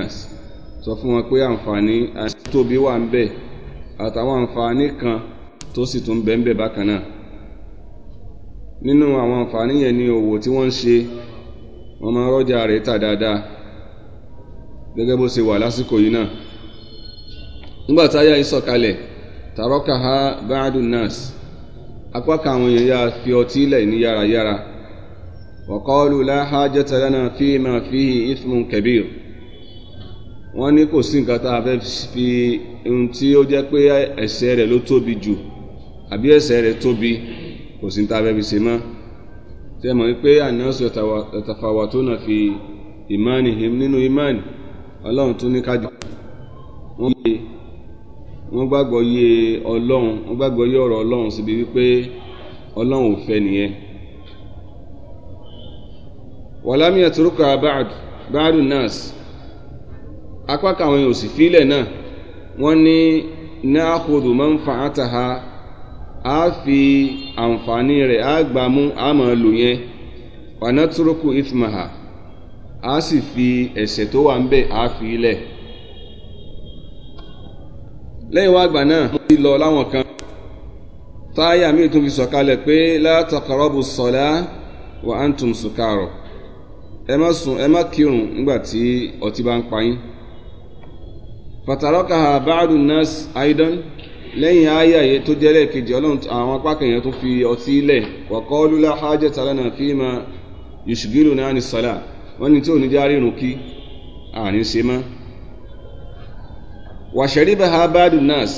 science sọ fún wọn pé àǹfààní tóbi wà ń bẹ àtàwọn àǹfààní kan tó sì tún bẹ ń bẹ bákan náà nínú àwọn àǹfààní yẹn ni òwò tí wọ́n ń ṣe wọ́n máa rọ́jà rẹ̀ tà dáadáa gẹ́gẹ́ bó ṣe wà lásìkò yìí náà nígbà táyà yìí sọ̀kalẹ̀ tàrọ́kà ha báàdùn nurse apá kan àwọn èèyàn yára fi ọtí lẹ̀ ní yárayára wọ́kọ́ọ́lù láhájẹ́tẹ̀lẹ́nà fíìmà fíì ìfún wọ́n ní kò sí nǹkan tá a fẹ́ fi ohun tí ó jẹ́ pé ẹ̀ṣẹ̀ rẹ̀ ló tóbi jù àbí ẹ̀ṣẹ̀ rẹ̀ tóbi kò sí tá a fẹ́ fi ṣe mọ́ tí ẹ mọ̀ wípé ànáṣọ ẹ̀tàfàwà tó nà fi ìmánì nínú ìmánì ọlọ́run tún ní kájọ wọ́n gbàgbọ́ yé ọlọ́run wọ́n gbàgbọ́ yé ọ̀rọ̀ ọlọ́run síbi wípé ọlọ́run ò fẹ́ nìyẹn wàlámì ẹ̀tùrúkọ̀ báàdù náàsì apá kan àwọn èèyàn náà wọ́n ní máa fi àǹfààní rẹ̀ á gbà mú á lò yẹn wàná túrókù ifmaha fi ese tó wà ń bẹ̀ á fi ilẹ̀ lẹ́yìn wá àgbà náà wọ́n ti lọ láwọn kan táyà tún fi sọ̀kalẹ̀ pé látàkọ̀rọ̀bù sọ̀lá wà á ń tún sùkárọ̀ ẹ má sùn ẹ má kírun nígbà tí ọtí bá ń pa yín pàtàkì àbáàdù nas aidan lẹ́yìn ayé àyè tó jẹ́lẹ̀ kejì ọlọ́run àwọn apákẹ̀yàn tó fi ọtí ilẹ̀ wàkọ́ọ́lù láhájẹ́ tàlánà fíìmà yusugilu náà ní sàlá wọ́n ní tí ò ní já rírun kí àní ṣe mọ́ wàṣẹ̀rí bá àbáàdù nas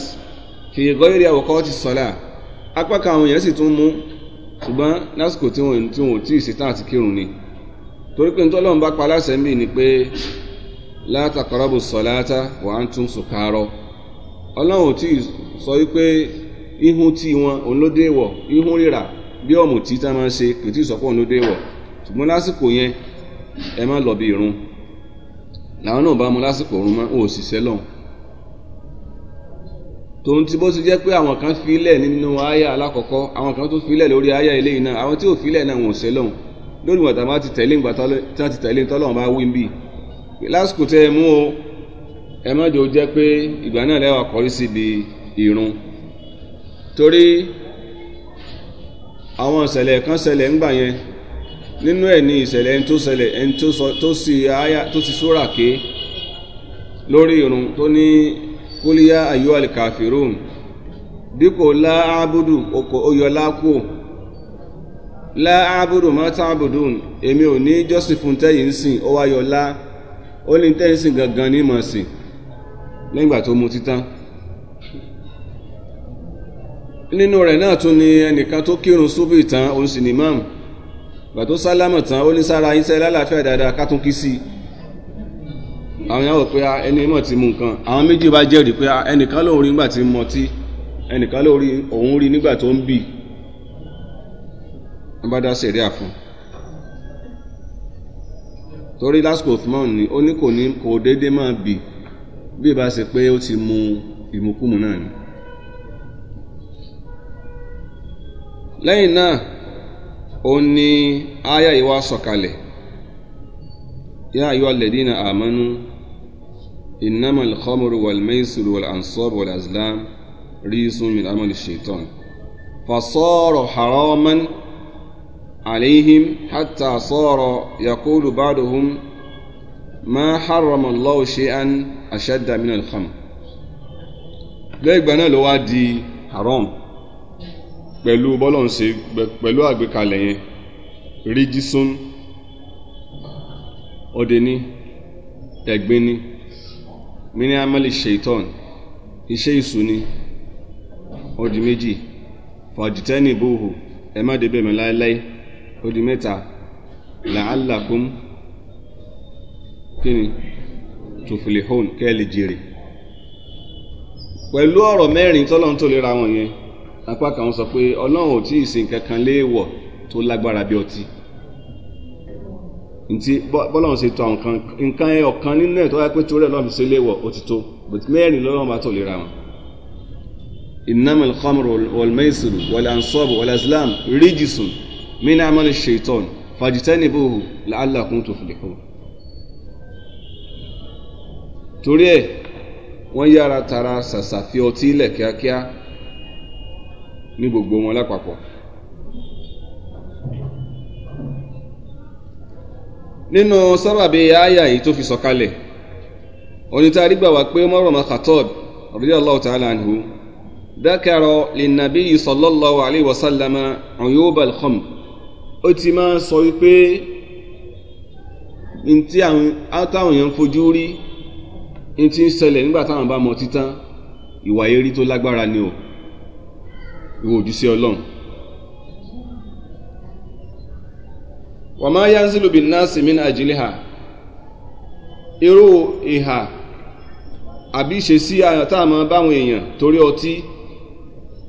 fi ìgọ́ èrè àwòkọ́ ti sàlá apákẹ̀ àwọn èèyàn sì tún mú ṣùgbọ́n lásìkò tí wọn ò tí àti kírun ni torí pé nítorí ọlọ́run bá pa aláṣẹ ń bì ni pé látàkọ́rọ́bù sọ̀láta wà á tún sùkárọ́ ọlọ́run ò tí ì sọ wípé ihun tí wọn òun ló dé wọ̀ ihun rírà bí ọ̀mù tí tá máa ń ṣe kì í tí ì sọ pé òun ló dé wọ̀ ṣùgbọ́n lásìkò yẹn ẹ má lọ bí irun làwọn náà bá mu lásìkò òun mọ́ òun òṣìṣẹ́ lọ́hùn tòun ti bó ti jẹ́ pé àwọn kan filẹ̀ nínú àyà alákọ̀ọ́kọ́ àwọn kan tó filẹ̀ lórí àyà eléyìí náà àwọn tí ò filẹ̀ náà wọn ò ṣẹlọ́hùn lórí wọn tàbá ti tẹ̀lé ìgbà tí wọn ti tẹ̀lé tọ́lọ́hùn bá wí bíi lásìkò tẹ́ ẹ mú o ẹ má jò jẹ́ pé ìgbà náà lẹ́wà kọrí síbi ìrun torí àwọn ìṣẹ̀lẹ̀ kan ṣẹlẹ̀ ńgbà yẹn nínú ẹ̀ ní ìṣẹ̀lẹ̀ ẹni tó ṣẹlẹ̀ ẹni tó sì àyà tó sì sóra ké lórí ìrun tó ní kúlíyà ayú alikafirun dípò láàbùdù oyọ lákò láàbùdù mọ́tàbùdùn èmi ò ní jọ́sìn fún tẹ́yìn sìn ó wáyọ láà ó lè tẹ́sìn gangan ní mọ̀ sí lẹ́gbà tó mu títán nínú rẹ̀ náà tún ni ẹnìkan tó kírun súbù ìtàn òun sì ní máàmù gbà tó sálámọ̀ tán ó ní sára iṣẹ́ lálàáfíà dáadáa ká tún kí sí i àwọn yàwó pé ẹni mọ̀ ti mu nǹkan àwọn méjì bá jẹ́rìí pé ẹnìkan lòun rí nígbà tí ń mọtí ẹnìkan lòun rí nígbà tó ń bì wọ́n bá dá sẹ̀ríà fún torí lásìkò Uthman ni ó ní kò ní kò déédé máa bì bí ìbá ṣe pé ó ti mu ìmukúmu náà ni. lẹ́yìn náà ó ní áyà yìí wá sọ̀kalẹ̀ yá ayọ́ alẹ́dínà àmọ́nú ìnáma lẹ́kọ́mọ́rù wàlmẹ́sìrì wàlànsọ́bù wàlàzlám rí sunmi lámọ́lì ṣètọ́n fasọ́rọ̀ haraman. عليهم حتى صار يقول بعضهم ما حرم الله شيئا أشد من الخمر lẹ́gbẹ̀ẹ́ náà ló wá di haram pẹ̀lú bọ́lọ̀nsẹ̀ pẹ̀lú àgbékalẹ̀ yẹn ríjísún ọdẹ ní ẹ̀gbin ní mini amali shaitan iṣẹ́ ìsù ni ọdí méjì fàjítẹ́nì bóhù ẹ má débẹ̀ mi ó di mẹ́ta la'allakum kíni tuflihun kẹ́ lè jèrè pẹ̀lú ọ̀rọ̀ mẹ́rin tọ́lọ́run tó lera wọn yẹn apá kan sọ pé ọlọ́run ò tí ì ṣe nǹkan kan léèwọ̀ tó lágbára bí ọtí nti bọ́lọ́run ṣe tò àwọn kan nǹkan ẹ ọ̀kan nínú ẹ̀ tó wáyé pé torí ọlọ́run ṣe léèwọ̀ ó ti tó but mẹ́rin lọ́lọ́run bá tó lera wọn. innamal khamru wal maisiru wal ansabu wal azlam rijisun min amali shaitan fajitanibuhu la'allakum tuflihun torí ẹ̀ wọ́n yára tara sàṣàfi ọtí ilẹ̀ kíákíá ní gbogbo wọn lápapọ̀ nínú sábàbí àyà yìí tó fi sọ̀kalẹ̀ onítàrí gbà wá pé Umar ibn Khattab radiyallahu ta'ala anhu dakaro linnabi sallallahu alayhi wa sallama uyuba al ó ti máa sọ wípé ntí táwọn èèyàn ń fojú rí ntí ń ṣẹlẹ̀ nígbà táwọn bá mọ títán ìwà eré tó lágbára ni o ìwò ojúṣe ọlọ́run. wàmá yanzilu bin nasi min ajiliha irú ìhà àbí ìṣesí àtàmọ́ báwọn èèyàn torí ọtí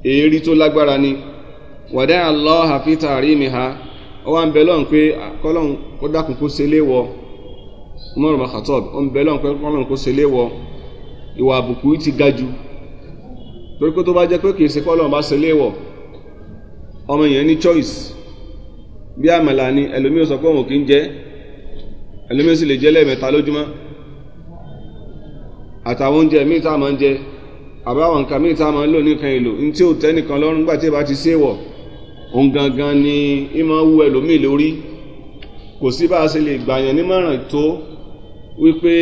èérí tó lágbára ni wàdá Allah fi tààrí mi ha ó wá ń bẹ lọ́run pé kọ́lọ́run kó dákun kó ṣe léwọ Umar ibn Khattab ó ń bẹ lọ́run pé kọ́lọ́run kó ṣe léwọ ìwà àbùkù ti ga jù torí pé tó bá jẹ́ pé kì í ṣe kọ́lọ́run bá ṣe léwọ ọmọ yẹn ní choice bí àmàlà ni ẹlòmíràn sọ pé òun kì í jẹ ẹlòmíràn sì lè jẹ lẹ́ẹ̀mẹ́ta lójúmọ́ àtàwọn oúnjẹ míì tá a máa ń jẹ àbáwọn nǹkan míì tá a máa ń lò nìkan èlò ní tí ò tẹ́ lọ́rùn nígbà tí ì bá ti ṣéwọ̀ òun gangan ni ìmọ̀ wú ẹlòmíì lórí kò sí bá a ṣe lè gbàyàn nímọ̀ràn tó wípé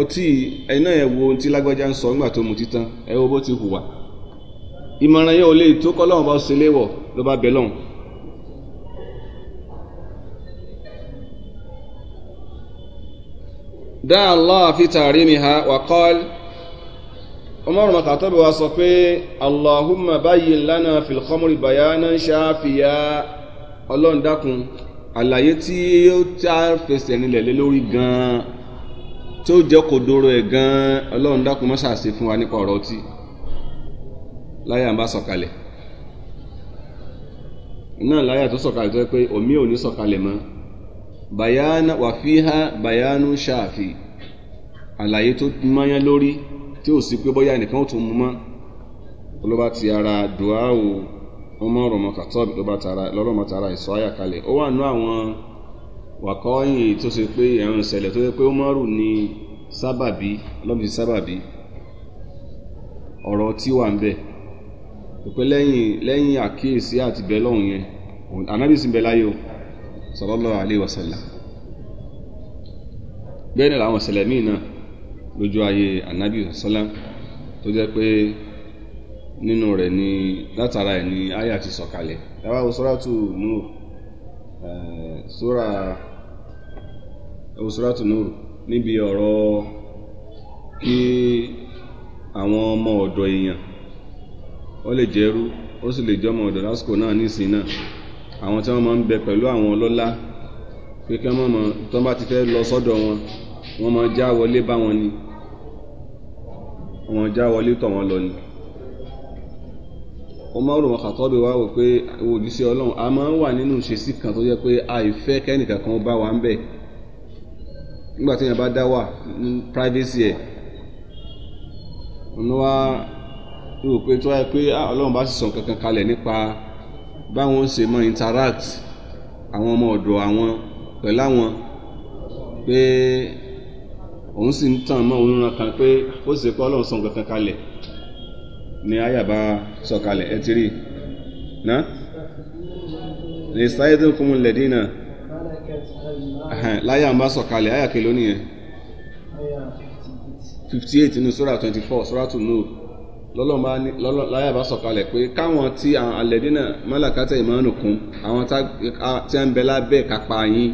ọtí ẹ̀nà ẹ̀ wo tí lágbájá ń sọ nígbà tó mu títán bó ti hùwà ìmọ̀ràn yẹn ò lè tó kọ́ lọ́wọ́ bá ṣe léwọ̀ ló bá bẹ lọ́hùn. dáa Allah fi tàrí mi ha wà kọ́ọ́lì. umar makatobi wa sọ pé allahumma bayi lana filkhomri bayana ṣáfìyà ọlọ́ndàkùn àlàyé tí ó tá fẹsẹ̀ nílẹ̀ lé lórí gan-an tí ó jẹ́ kòdoro ẹ̀ gan-an ọlọ́ndàkùn má ṣàṣe fún wa nípa ọ̀rọ̀ ọtí láyà ń bá sọ̀kalẹ̀ náà láyà tó sọ̀kalẹ̀ tó yẹ pé omi ò ní sọ̀kalẹ̀ mọ́ bayana wàfíhà bayanu ṣáfì àlàyé tó mọ́yán lórí tí ò sí pé bóyá ẹnìkan ó tún mú mọ́ ló bá ti ara dùáwò ọmọ ọ̀rọ̀ mọ́kàtọ́ọ̀bì ló bá tara lọ́rọ̀ mọ́ tara ìsọ àyà kalẹ̀ ó wà nú àwọn wàkọ́yìn tó ṣe pé ẹ̀rùn ìṣẹ̀lẹ̀ tó ṣe pé Umaru ni sábàbí lọ́mọ ti sábàbí ọ̀rọ̀ tí wà ń bẹ̀ pé lẹ́yìn lẹ́yìn àkíyèsí àti bẹ́ẹ̀ lọ́hùn yẹn ànábì sì ń bẹ láyé o sallallahu alaihi wasallam bẹ́ẹ̀ ni làwọn ìṣẹ̀lẹ̀ míì náà lójú ayé anabi sàlám tó jẹ́ pé nínú rẹ̀ ni látara ẹ̀ ni aya ti sọ̀kalẹ̀ yàrá wo nuru nur sura suratu nur níbi ọ̀rọ̀ kí àwọn ọmọ ọ̀dọ̀ èèyàn ó lè jẹ́rú ó sì lè jọmọ ọ̀dọ̀ lásìkò náà nísìn náà àwọn tí wọ́n máa ń bẹ pẹ̀lú àwọn ọlọ́lá pé kí wọ́n máa tó bá ti fẹ́ lọ sọ́dọ̀ wọn wọ́n máa já wọlé bá wọn ni wọn já wọlé tọ̀ wọn lọ ni Umaru wọn kàtọ́ bí wá wò pé òjíṣẹ́ ọlọ́run a máa ń wà nínú ìṣesí kan tó jẹ́ pé àìfẹ́ kẹ́nìkan kan bá wa ń bẹ̀ nígbà tí yẹn bá dá wà ní privacy ẹ̀ òun wá wò pé tó wáyé pé ah, ọlọ́run bá sì sọ kankan kalẹ̀ nípa báwọn ṣe mọ interact àwọn ọmọ ọ̀dọ̀ àwọn pẹ̀lú pé. Pe òun sì ń tàn mọ́ òun ràn kan pé ó sì kọ́ ọlọ́run sọ̀n kankan kalẹ̀ ní àyàbá sọ̀kalẹ̀ ẹ ti rí i ná lè sáyé tó ń kún lẹ̀dí náà láyà ń sọ̀kalẹ̀ àyà kìló nìyẹn fifty eight nínú sura twenty four sura two nù lọ́lọ́mọba ní láyà bá sọ̀kalẹ̀ pé káwọn tí àwọn alẹ́dínà mọ́làkátà ìmọ̀ràn kún àwọn tí a ń bẹ lábẹ́ kápá yín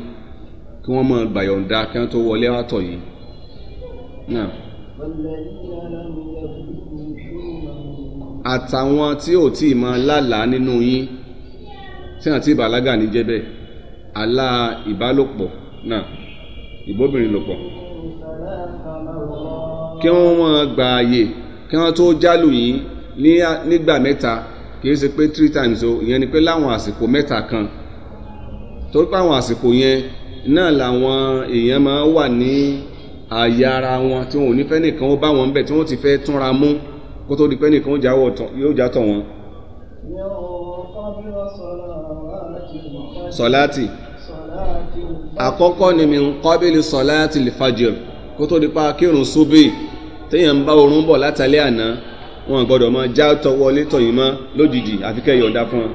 kí wọ́n máa gbàyọ̀ǹda kí wọ́n tó wọlé wá tọ̀ yìí náà. àtàwọn tí ò tí ì máa lálàá nínú yín tí àti ìbàlágà ní jẹ́ bẹ́ẹ̀ àlá ìbálòpọ̀ náà ìbóbìnrin lòpọ̀ kí wọ́n máa gba àyè kí wọ́n tó jálù yín nígbà mẹ́ta kì ṣe pé three times o ìyẹn ni pé láwọn àsìkò mẹ́ta kan torí pé àwọn àsìkò yẹn náà làwọn èèyàn máa wà ní ààyè ara wọn tí wọn ò ní fẹ́ nìkan ó bá wọn bẹ̀ tí wọ́n ti fẹ́ túnra mú kó tó di pé nìkan yóò já tọ̀ wọn. sọláàtì àkọ́kọ́ ni mi ń kọ́bílì sọláàtì lè fàjọ kó tó di pa kírun súbì téèyàn ń bá oorun bọ̀ látàlẹ́ àná wọn gbọ́dọ̀ máa já tọ̀ wọlé tọ̀yìn mọ́ lójijì àfikẹ́ yọ̀ǹda fún wọn.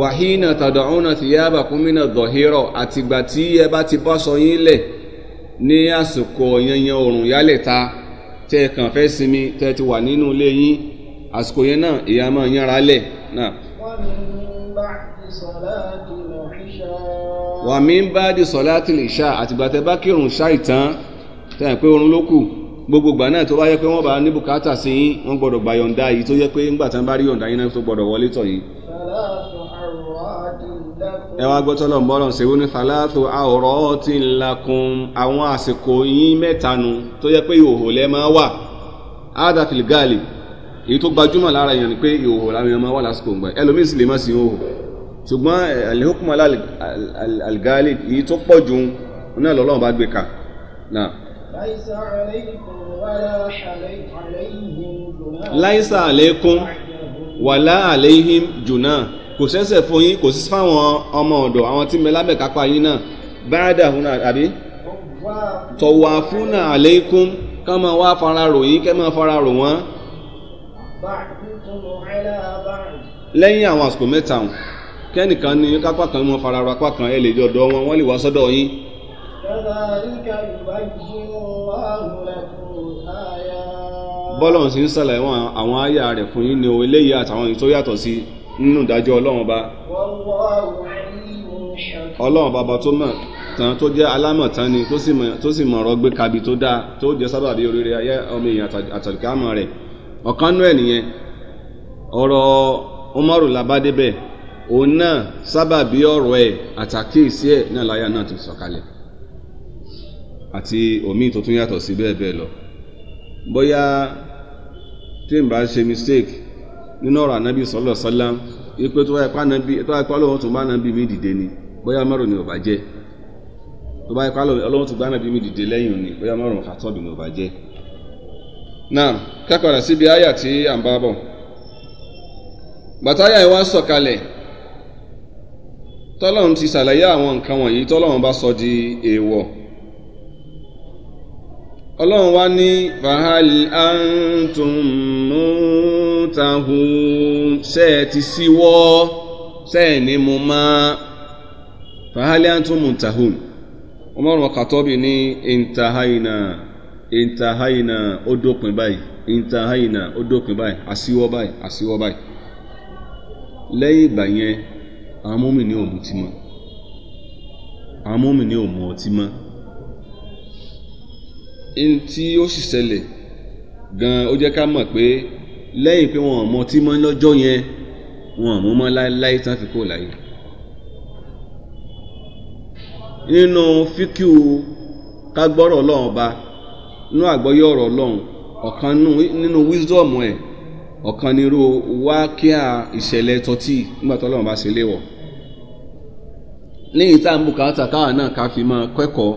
wàhíìnà tàdọ̀ọ́nà tìyàbà kúmínà dọ̀hírọ̀ àtìgbà tí ẹ bá ti bọ́ sọ yín lẹ̀ ní àsìkò yanyan oòrùn yálẹ̀ ta tẹ́ ẹ kàn fẹ́ sinmi tẹ́ ẹ ti wà nínú ilé yín àsìkò yẹn náà ìyá máa yánra lẹ̀ náà. wà mí ń bá di sọ̀lá tí lè ṣá àtìgbà tẹ́ bá kírun ṣá ìtàn tẹ́ ẹ pé oorun ló kù gbogbo ìgbà náà tó bá yẹ pé wọ́n bá ní bùkátà sí yín wọ́n gbọ́dọ̀ gbà yọ̀ǹda yìí tó yẹ pé ńgbà tán bá rí yọ̀ǹda yín náà tó gbọ́dọ̀ wọlé tọ̀ yìí ẹ wá gbọ́tọ́ lọ́n bọ́lọ̀ ṣèwé ní thalathu awratin lakum àwọn àsìkò yín mẹ́ta nu tó yẹ pé ìhòhò lẹ́ máa wà áàdà fìlgàlì èyí tó gbajúmọ̀ lára èèyàn ni pé ìhòhò làwọn èèyàn máa wà lásìkò ńgbà ẹlòmíín sì lè má sí ìhòhò ṣùgbọ́n eh, al-hukm èyí tó pọ̀ jù náà lọ́lọ́run bá gbé ka láìsà àlékún wàlá àléhìm jùnáà kò sẹ́sẹ̀ fún yín kò sí fáwọn ọmọ ọ̀dọ̀ àwọn tí mẹlábẹ̀ kápá yín náà báyàdà fúnra àbí tọ̀wà fúnà àlékún ká máa wá fara rò yín kẹ́ máa fara rò wọ́n. lẹ́yìn àwọn àsìkò mẹ́ta kẹ́nìkan ní kápá kan mọ́ fara apá kan ẹ lè jọ ọ̀dọ̀ wọn wọ́n lè wá sọ́dọ̀ yín. bọ́lọ̀ sì ń sàlàyé àwọn àyà rẹ̀ fún yín ní eléyìí àtàwọn èyí yàtọ̀ sí i nínú ìdájọ́ ọlọ́run ọba ọlọ́run bàbá tó mọ̀ tán tó jẹ́ alámọ̀tán ni tó sì mọ̀ ọ̀rọ̀ gbé kabi tó dáa tó jẹ́ sábàbí oríire ayé ọmọ èèyàn àtàlùkámọ̀ rẹ̀ ọ̀kan nú ẹ̀ nìyẹn ọ̀rọ̀ Umaru labadebe òun náà sábàbí ọ̀rọ̀ ẹ̀ àtàkíyèsí ẹ̀ náà láyà náà ti sọ̀kalẹ̀ àti omi tó tún yàtọ̀ sí bẹ́ẹ̀ bẹ́ẹ̀ lọ bóyá tí n bá ṣe mistake nínú ọ̀rọ̀ ànábì sọ́lọ̀ ipe tó wáyé pa tó bá mi dìde ni bóyá márùn jẹ́ tó bá tó bá mi dìde lẹ́yìn ni bóyá márùn àtọ́bì ni ò jẹ́. náà sí ibi àyà tí à ń bá bọ̀ bàtáyà sọ̀kalẹ̀ tọ́lọ́run ti ọlọ́run wá ní fahali antum mutahun ṣe é ti ṣe é ní mo máa fahal antum mutahun Umar Kàtọ́bì ní intahaina intahaina ó dópin báyìí intahaina ó dópin báyìí báyìí báyìí lẹ́yìn ìgbà ti mọ́ ní tí ó sì ṣẹlẹ̀ gan-an ó jẹ́ ká mọ̀ pé lẹ́yìn pé wọn ò mọ tí mọ́ lọ́jọ́ yẹn wọn ò mú mọ́ láéláé tán fi kó láyé. nínú fíkìú ká ọlọ́run ọba nínú àgbọ́yé ọ̀rọ̀ ọlọ́run ọ̀kan nínú wisdom ẹ̀ ọ̀kan nírú wákíá ìṣẹ̀lẹ̀ tọ́tí nígbà tó ọlọ́run bá ṣe léwọ̀. tá à ń bùkátà náà ká fi máa kẹ́kọ̀ọ́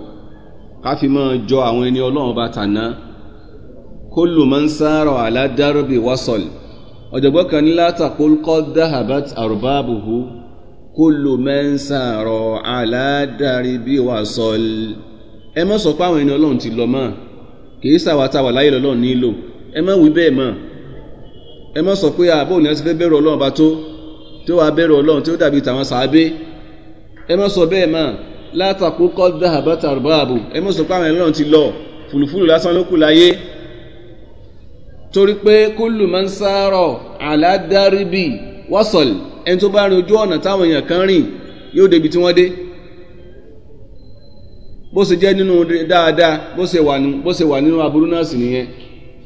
ká fi máa jọ àwọn ẹni ọlọ́run bá tàná kullu man sara ala darbi wasal ọ̀jọ̀gbọ́n kan ní látàkùn kọ́ dahabat arbabuhu kullu man sara ala darbi wasal ẹ má sọ pé àwọn ẹni ọlọ́run ti lọ mọ́ kìí sàwátàwà láyé lọ́lọ́run nílò ẹ má wí bẹ́ẹ̀ mọ́ ẹ má sọ pé àbò ní wọ́n ti fẹ́ bẹ̀rù ọlọ́run bá tó tí wàá bẹ̀rù ọlọ́run tí dàbí tàwọn sàábé ẹ má sọ bẹ́ẹ̀ mọ́ látàkó kọ́ dáhàbá tàbá àbò ẹ mọ̀ sọ pé àwọn ẹlọ́run ti lọ fùlùfùlù lásán ló kù láyé torí pé kúlù máa ń sáárọ̀ àládáríbì wọ́sọ̀lì ẹni tó bá rin ojú ọ̀nà táwọn èèyàn kan rìn yóò débi tí wọ́n dé bó ṣe jẹ́ nínú dáadáa bó ṣe wà nínú bó ṣe wà nínú aburú náà sì nìyẹn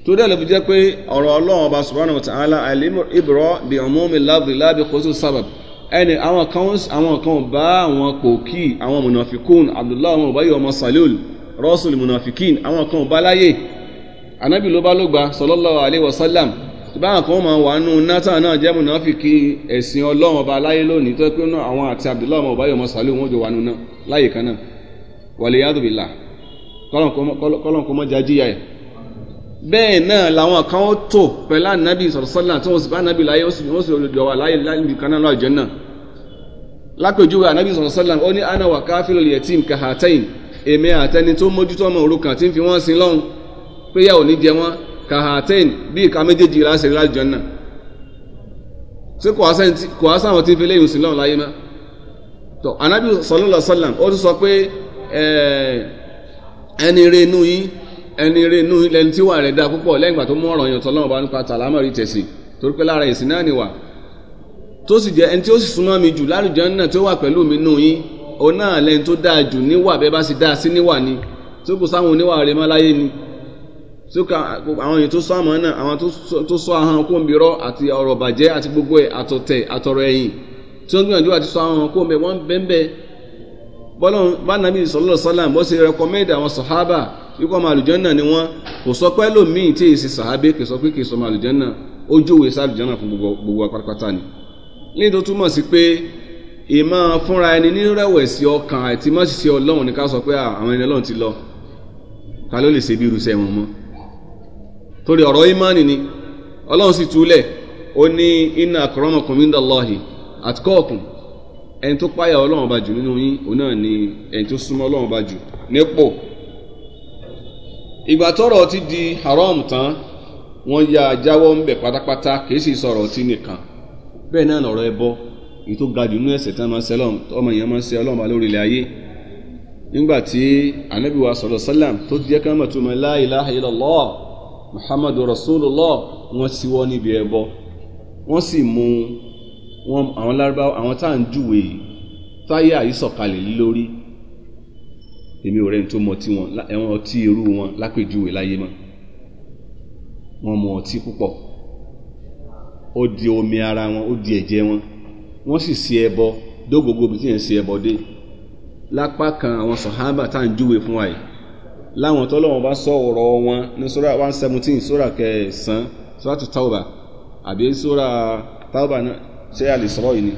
torí ẹ̀ ló fi jẹ́ pé ọ̀rọ̀ ọlọ́run ọba subhanahu wa ta'ala al-ibra bi umumi lafzi la bi khusus sabab ẹni àwọn kan àwọn kan bá àwọn pòkì àwọn munafikun abdullahi àwọn ọba yìí ọmọ salul rasul munafikin àwọn kan bá láyè anabi ló bá ló gba sallallahu alayhi wa sallam báwọn kan máa wà nù nathan náà jẹ́ munafiki ẹ̀sìn ọlọ́run ọba láyé lónìí tó pé náà àwọn àti abdullahi ọmọ ọba yìí ọmọ salul wọn jọ wà nù náà láyè kan náà wàlẹ̀ yàtọ̀ bìlà kọ́lọ̀ kọ́mọ́ bẹ́ẹ̀ náà làwọn kan ó tò pẹ̀lú ànábì sọ̀rọ̀sọ́là tí wọ́n sì bá ànábì láyé ó sì wọ́n sì olùdíọ̀ wà láyé níbi kan náà lọ àlùjánnà lápèjúwe ànábì sọ̀rọ̀sọ́là ó ní ana wà káfílò yatim kàhátẹ́yìn èmi àtẹni tó mójútó ọmọ òrukàn tí ń fi wọ́n sin lọ́hùn pé yà ò ní jẹ wọ́n kàhátẹ́yìn bí ìka méjèèjì láṣẹ lálùjánnà ṣé kò wá sáwọn tí ń fi léyìn sin lọ́hùn láyé má ẹni rẹ̀ inú yín ẹni eré inú ilẹ̀ tí wà rẹ̀ dá púpọ̀ lẹ́yìn ìgbà tó mú ọ̀ràn yàn tọ́lọ́run bá nípa tàlámọ̀ rí tẹ̀sìn torí pé lára ẹ̀sìn náà nìwà tó sì jẹ́ ẹni tí ó sì súnmọ́ mi jù lálùjọ náà tí ó wà pẹ̀lú mi nù yín òun náà lẹ́yìn tó dáa jù níwà bẹ́ẹ̀ bá sì dáa sí níwà ni tó kù sáwọn oníwà rẹ̀ mọ́ láyé ni sókè àwọn èèyàn tó sọ àmọ́ náà àwọn tó sọ ahọ́n kóńbirọ́ àti ọ̀rọ̀ bàjẹ́ àti gbogbo ẹ̀ àtọ̀tẹ̀ àtọ̀rọ̀ ẹ̀yìn tí wọ́n gbìyànjú àti sọ ahọ́n kóńbẹ wọ́n bẹ́ẹ̀ bọ́lọ́run bá nàbí sọlọ́ọ̀ sálàm bó ṣe rẹkọmẹ́ndì àwọn sọ̀hábà wípé ọmọ àlùjànnà ni wọ́n kò sọ pé lòmíì tí èsì sàábé kì sọ pé kì sọ ọmọ àlùjànnà ó jòwè sàlùjànnà fún gbogbo apátápátá ni nítorí tó túmọ̀ sí pé ìmọ̀ fúnra ẹni nírẹ̀wẹ̀sì ọkàn àti mọ́ṣíṣẹ́ ọlọ́run ni ká sọ pé àwọn ẹni ọlọ́run ti lọ ká ló lè ṣe bí irúṣẹ́ wọn mọ́ torí ọ̀rọ̀ ìmánì ni ọlọ́run sì túlẹ̀ ó ní inna akramakum indallahi ni ẹni tó súnmọ́ ọlọ́run ìgbà tọ́rọ̀ ti di haram tán wọ́n ya jáwọ́ ńbẹ̀ pátápátá kì í sì sọ̀rọ̀ ọtí nìkan bẹ́ẹ̀ náà lọ̀rọ̀ ẹbọ èyí tó ga jù nínú ẹ̀ṣẹ̀ tán máa ń sẹlọm ọmọ èèyàn máa ń ṣe ọlọ́mọba lórí ilẹ̀ ayé nígbà tí anabi wa sálàm tó jẹ́ ká mọ̀ tó mọ̀ la ilaha illallah muhammadu rasulullah wọ́n siwọ́ níbi ẹbọ wọ́n sì mú àwọn lárúbáwá àwọn tá à ń júwèé táyà yìí sọ̀kalẹ̀ lórí èmi ò rẹ́ni tó mọ ọtí wọn ẹ̀wọ̀n ọtí irú wọn lápèjúwe láyé mọ́ wọ́n mu ọtí púpọ̀ ó di omi ara wọn ó di ẹ̀jẹ̀ wọn wọ́n sì ṣe ẹbọ dógógó bí tí yẹn ṣe ẹbọ dé lápá kan àwọn sọ̀hábà tá à ń júwe fún wa yìí láwọn tọ́lọ́wọ́n bá sọ ọ̀rọ̀ wọn ní sora one seventeen sora kẹsàn-án sora tó tauba àbí sora tauba náà ṣé a lè sọ̀rọ̀ yìí ni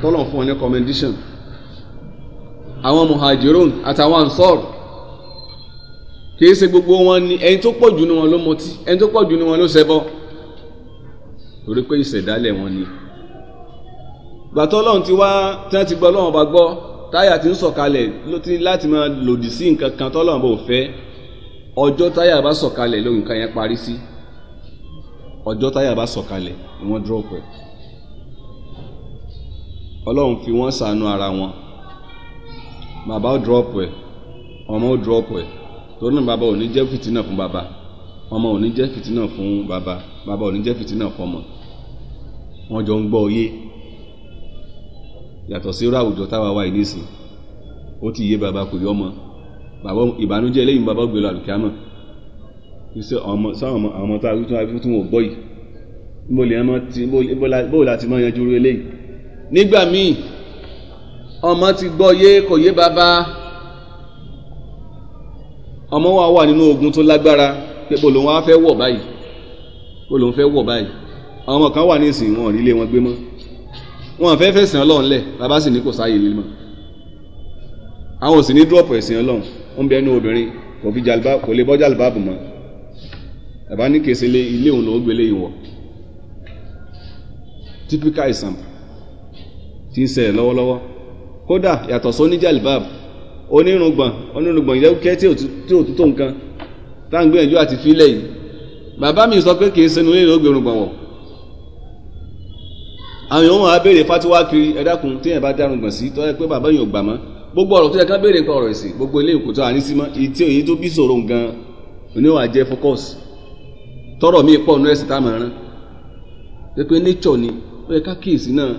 tọ́lọ́wọ́n fún wọn ní commendation àwọn muhajirun àtàwọn ansor kìí ṣe gbogbo wọn ni ẹni tó pọ̀ jù ní wọn ló mọtí ẹni tó pọ̀ jù ní wọn ló ṣẹbọ torí pé ìṣẹ̀dálẹ̀ wọn ni gbàtọ́ ọlọ́run ti wá tí wọ́n ti gbọ́ ọlọ́run ọba gbọ́ táyà ti ń sọ̀kalẹ̀ ló ti láti máa lòdì sí nǹkan kan tọ́lọ́run bò fẹ́ ọjọ́ táyà bá sọ̀kalẹ̀ lóhùn kan yẹn parí sí ọjọ́ táyà bá sọ̀kalẹ̀ ni wọ́n dúró pẹ̀ ọlọ́run fi wọ́n ṣàánú ara wọn bàbá ó dúrọ́pù ẹ̀ ọmọ ó dúrọ́pù ẹ̀ torí náà bàbá ò ní jẹ́ fìtínà fún bàbá ọmọ ò ní jẹ́ fìtínà fún bàbá bàbá ò ní jẹ́ fìtínà fún ọmọ wọn jọ ń gbọ́ òye yàtọ̀ sí irú àwùjọ táwa wà yìí nísìn ó ti yé bàbá kò yọ ọmọ bàbá ìbànújẹ́ eléyìí bàbá gbé lọ àlùkìámọ̀ ṣe ọmọ sáwọn ọmọ àwọn tá a tún afi tún wọn gbọ́ yìí bó lè ẹmọ tí bó eléyìí nígbà míì ọmọ ti gbọ́ yé kò yé bàbá ọmọ wa wà nínú ogun tó lágbára pé bòlò wọn á fẹ́ wọ̀ báyìí bòlò wọn fẹ́ wọ̀ báyìí àwọn ọmọ kan wà ní ìsìn wọn ò nílé wọn gbé mọ́ wọn fẹ́ fẹ̀sìn ọlọ́run lẹ̀ bàbá sì ní kò sáàyè lé mọ́ àwọn ò sì ní dúrọ̀pù ẹ̀sìn ọlọ́run ó ń bẹ ẹnu obìnrin kò fi jàlùbá kò lè bọ́jà lùbáàbù mọ́ bàbá ní kèsì ilé òun lòún gbélé ìwọ̀ typical example ti ń ṣẹlẹ̀ lọ́wọ́lọ́wọ́ kódà yàtọ̀ sóníjàlbáb onírùngbọ̀n onírùngbọ̀n ìyẹ́wùkẹ́ tí òtútù tún tó nǹkan tá ń gbìyànjú àti fílẹ̀ yìí bàbá mi sọ pé kì í sinú léèrè ògbèrún gbọ̀n wọ̀ àwọn èèyàn máa béèrè fatiwa kiri ẹ̀dákun téèyàn bá sí pé bàbá yìí ò gbà mọ́ gbogbo ọ̀rọ̀ tó yẹ ká béèrè nǹkan ọ̀rọ̀ ẹ̀sìn gbogbo ilé ìkòtò àní ìtí òyìn tó bí focus tọrọ mi pọ̀ nú ẹ̀sìn táwọn pé nature ni ó yẹ ká kíyèsí náà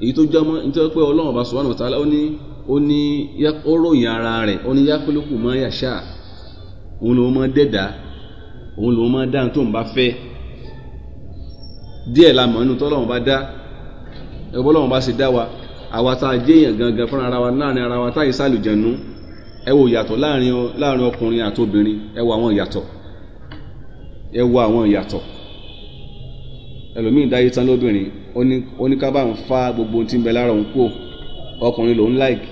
èyí tó jámọ́ nítorí pé ọlọ́run ọba subhanahu wa ta'ala ó ní ó ní ó ròyìn ara rẹ̀ ó ní yakhluqu ma yasha òun lòun máa dẹ́dà òun lòun máa dáhùn tó ń bá fẹ́ díẹ̀ la mọ̀ nínú tọ́lọ́run bá dá ẹ̀bọ́ lọ́run bá sì dá wa àwa tá a jẹ́yàn gangan fúnra ara wa láàrin ara wa táyì sálùjẹ̀nu ẹ wo ìyàtọ̀ láàrin láàrin ọkùnrin àti obìnrin ẹ wo àwọn ìyàtọ̀ ẹ wo àwọn ìyàtọ̀ ẹlòmíì dáyé tán lóbìnrin oníkábà ń fa gbogbo ohun tí ń bẹ lára òun kú ọkùnrin lòún láìkì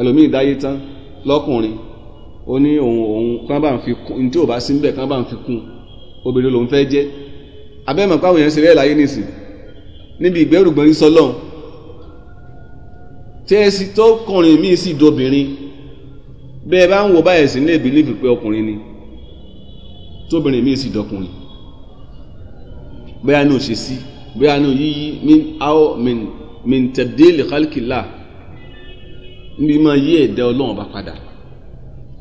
ẹlòmíì dáyé tán lọ́kùnrin ó ní òun òun kán bá ń fi kún ní tí ò bá sí níbẹ̀ kán bá ń fi kún obìnrin lòún fẹ́ jẹ́ abẹ́mọ̀ páwọn èèyàn ṣe rẹ́ láyé nìsín níbi ìgbẹ́rùgbọ́n ń sọ lọ́hùn tí ẹ sì tó kọrin míì sì dobìnrin bẹ́ẹ̀ bá ń wo báyẹ̀ sí lè bìlífì pé ọkùnrin ni tóbìnrin míì sì dọkùnrin bẹ́ẹ̀ ní òṣèṣí bí a nù yíyí min aw min min tabdil khalqillah níbi máa yí ẹ̀dá ọlọ́run bá padà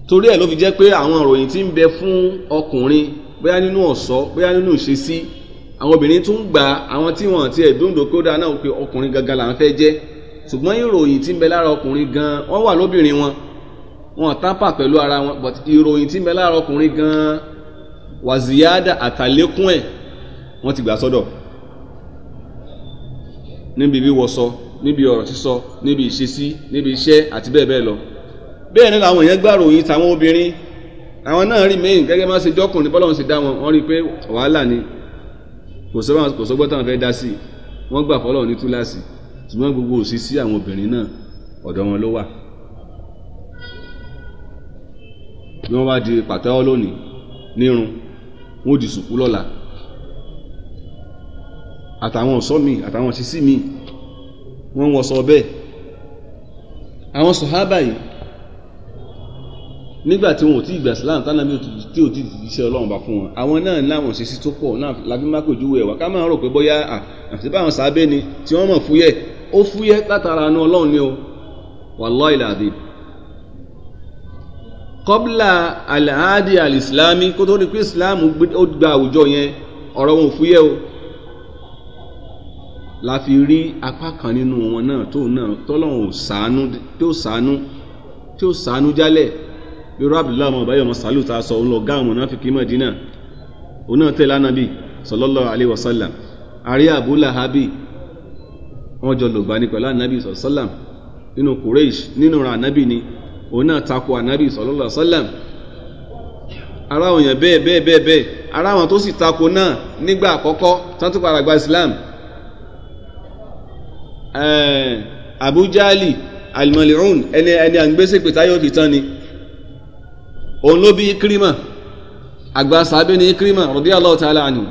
torí ẹ̀ ló fi jẹ́ pé àwọn ìròyìn tí ń bẹ fún ọkùnrin bóyá nínú ọ̀ṣọ́ bóyá nínú ìṣesí àwọn obìnrin tún gba àwọn tí wọ́n ti ẹ̀dúndò kó dáa náà pé ọkùnrin gangan là ń fẹ́ jẹ́ ṣùgbọ́n ìròyìn tí ń bẹ lára ọkùnrin gan wọ́n wà lóbìnrin wọn wọn tápà pẹ̀lú ara wọn but ìròyìn tí ń bẹ lára ọkùnrin gan wàzíyáda àtàlékún ẹ̀ wọ́n ti gbà sọ́dọ̀ níbi wíwọṣọ níbi ọ̀rọ̀ sísọ níbi ìṣesí níbi iṣẹ́ àti bẹ́ẹ̀ bẹ́ẹ̀ lọ bẹ́ẹ̀ ni làwọn èèyàn gbàròyìn tàwọn obìnrin àwọn náà rí mẹ́yìn gẹ́gẹ́ máa ṣe jọ́kùnrin bọ́lọ́run sì dá wọn wọ́n rí i pé wàhálà ni kò sọ́gbọ́n táwọn fẹ́ dá sí i wọ́n gbà fọ́lọ́run ní túláàsì ṣùgbọ́n gbogbo òṣìṣí àwọn obìnrin náà ọ̀dọ̀ wọn ló wà bí wọ́n bá di pàtẹ́wọ́ lónìí nírun wọ́n di sùkú lọ́la àtàwọn ọ̀sọ́ mi àtàwọn ṣíṣí mi wọ́n wọ́n sọ bẹ́ẹ̀ àwọn sọ̀hábà yìí nígbà tí wọn ò tí ì gbà sílámù tánà mi tí ò tí ì iṣẹ́ ọlọ́run bá fún wọn àwọn náà láwọn ṣe sí tó pọ̀ náà lábí má pèjúwe ẹ̀wà ká máa rò pé bóyá àti báwọn sábẹ́ ni tí wọ́n mọ̀ fúyẹ́ ó fúyẹ́ látara anú ọlọ́run ni o wàláhì làdí. kọ́bílà alhadi alìsílámì kó tó ní pé islam ó gba àwùjọ yẹn ọ̀rọ̀ wọn ò fúyẹ́ o la fi rí apá kan nínú wọn náà tó náà tọ́lọ́hún ò sàánú tí ó sàánú tí ó sàánú jálẹ̀ irú abdullahi ọmọ ọbáyọmọ sàlù tá a sọ òun lọ gá àwọn onáfikì mọ̀dínà òun náà tẹ̀lé anabi sallallahu alaihi wasallam àrí abu lahabi wọn jọ lògbà ní pẹ̀lú anabi sallam nínú kureish nínú ra anabi ni òun náà takò anabi sallallahu sallam ara òyìn bẹ́ẹ̀ bẹ́ẹ̀ bẹ́ẹ̀ bẹ́ẹ̀ ara àwọn tó sì takò náà nígbà àkọ́kọ́ tán tó padà gba islam Eh, abujali alimọlẹ́hún ẹni ẹni àgbẹ̀sẹ̀ pé táyọ̀ ti tán ni òun ló bí ikirima àgbà sàbẹ̀ ikirima radiyallahu ta'ala anhu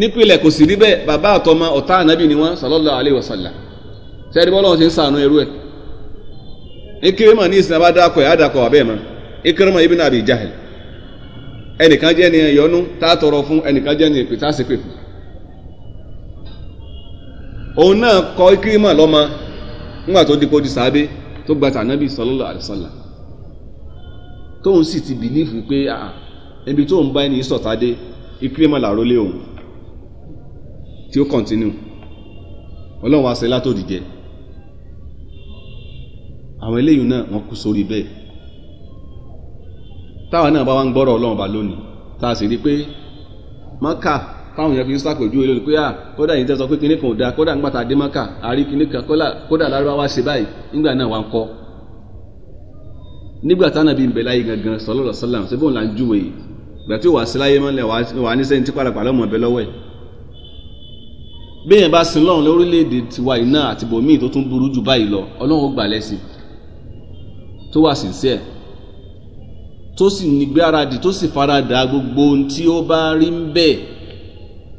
nípìnlẹ̀ kò sì rí bẹ́ẹ̀ bàbá àtọmọ ọ̀tá ànábì ni wọ́n sallallahu alayhi wa sallam sẹ́ni bọ́lá wọn ti ń sànú ẹ̀ ikirima ní ìsìn abádàkọ̀ ẹ̀ àdàkọ̀ mọ́ ikirima ẹnìkan jẹ́ ni ẹ̀yọ́nú tá a tọrọ fún ẹnìkan jẹ́ ni tá a sì òun náà kọ ikirima lọ́mọ nígbà tó dikó di sábẹ́ tó gba tànàbí sallallahu alaihi tóun sì ti bìlífù pé ebi tóun bá ẹni sọ̀tadé ikirima làrólé òun tí ó kọ̀ntínú ọlọ́run wa ṣe látòdìjẹ àwọn eléyìí náà wọ́n kú sórí bẹ́ẹ̀ táwa náà bá wá ń gbọ́rọ̀ ọlọ́run bá lónìí tá a sì rí pé mọ́kà táwọn èèyàn fi ń o lónìí pé à kódà yìí tẹ́ sọ pé kinní kan ò da kódà ńgbàtà àdémọ́kà àrí kinní kan kódà lárúbáwá ṣe báyìí nígbà náà wà ń kọ́ nígbà táwọn gangan sọlọ́lọ́ sọ́làm ṣé bóun là ń júwe yìí ìgbà tí wàá síláyé mọ́lẹ̀ wàá ní sẹ́yìn tí ọbẹ̀ lọ́wọ́ bá sin lọ́run tiwa iná àti bòmíì tó tún burú jù báyìí lọ ọlọ́run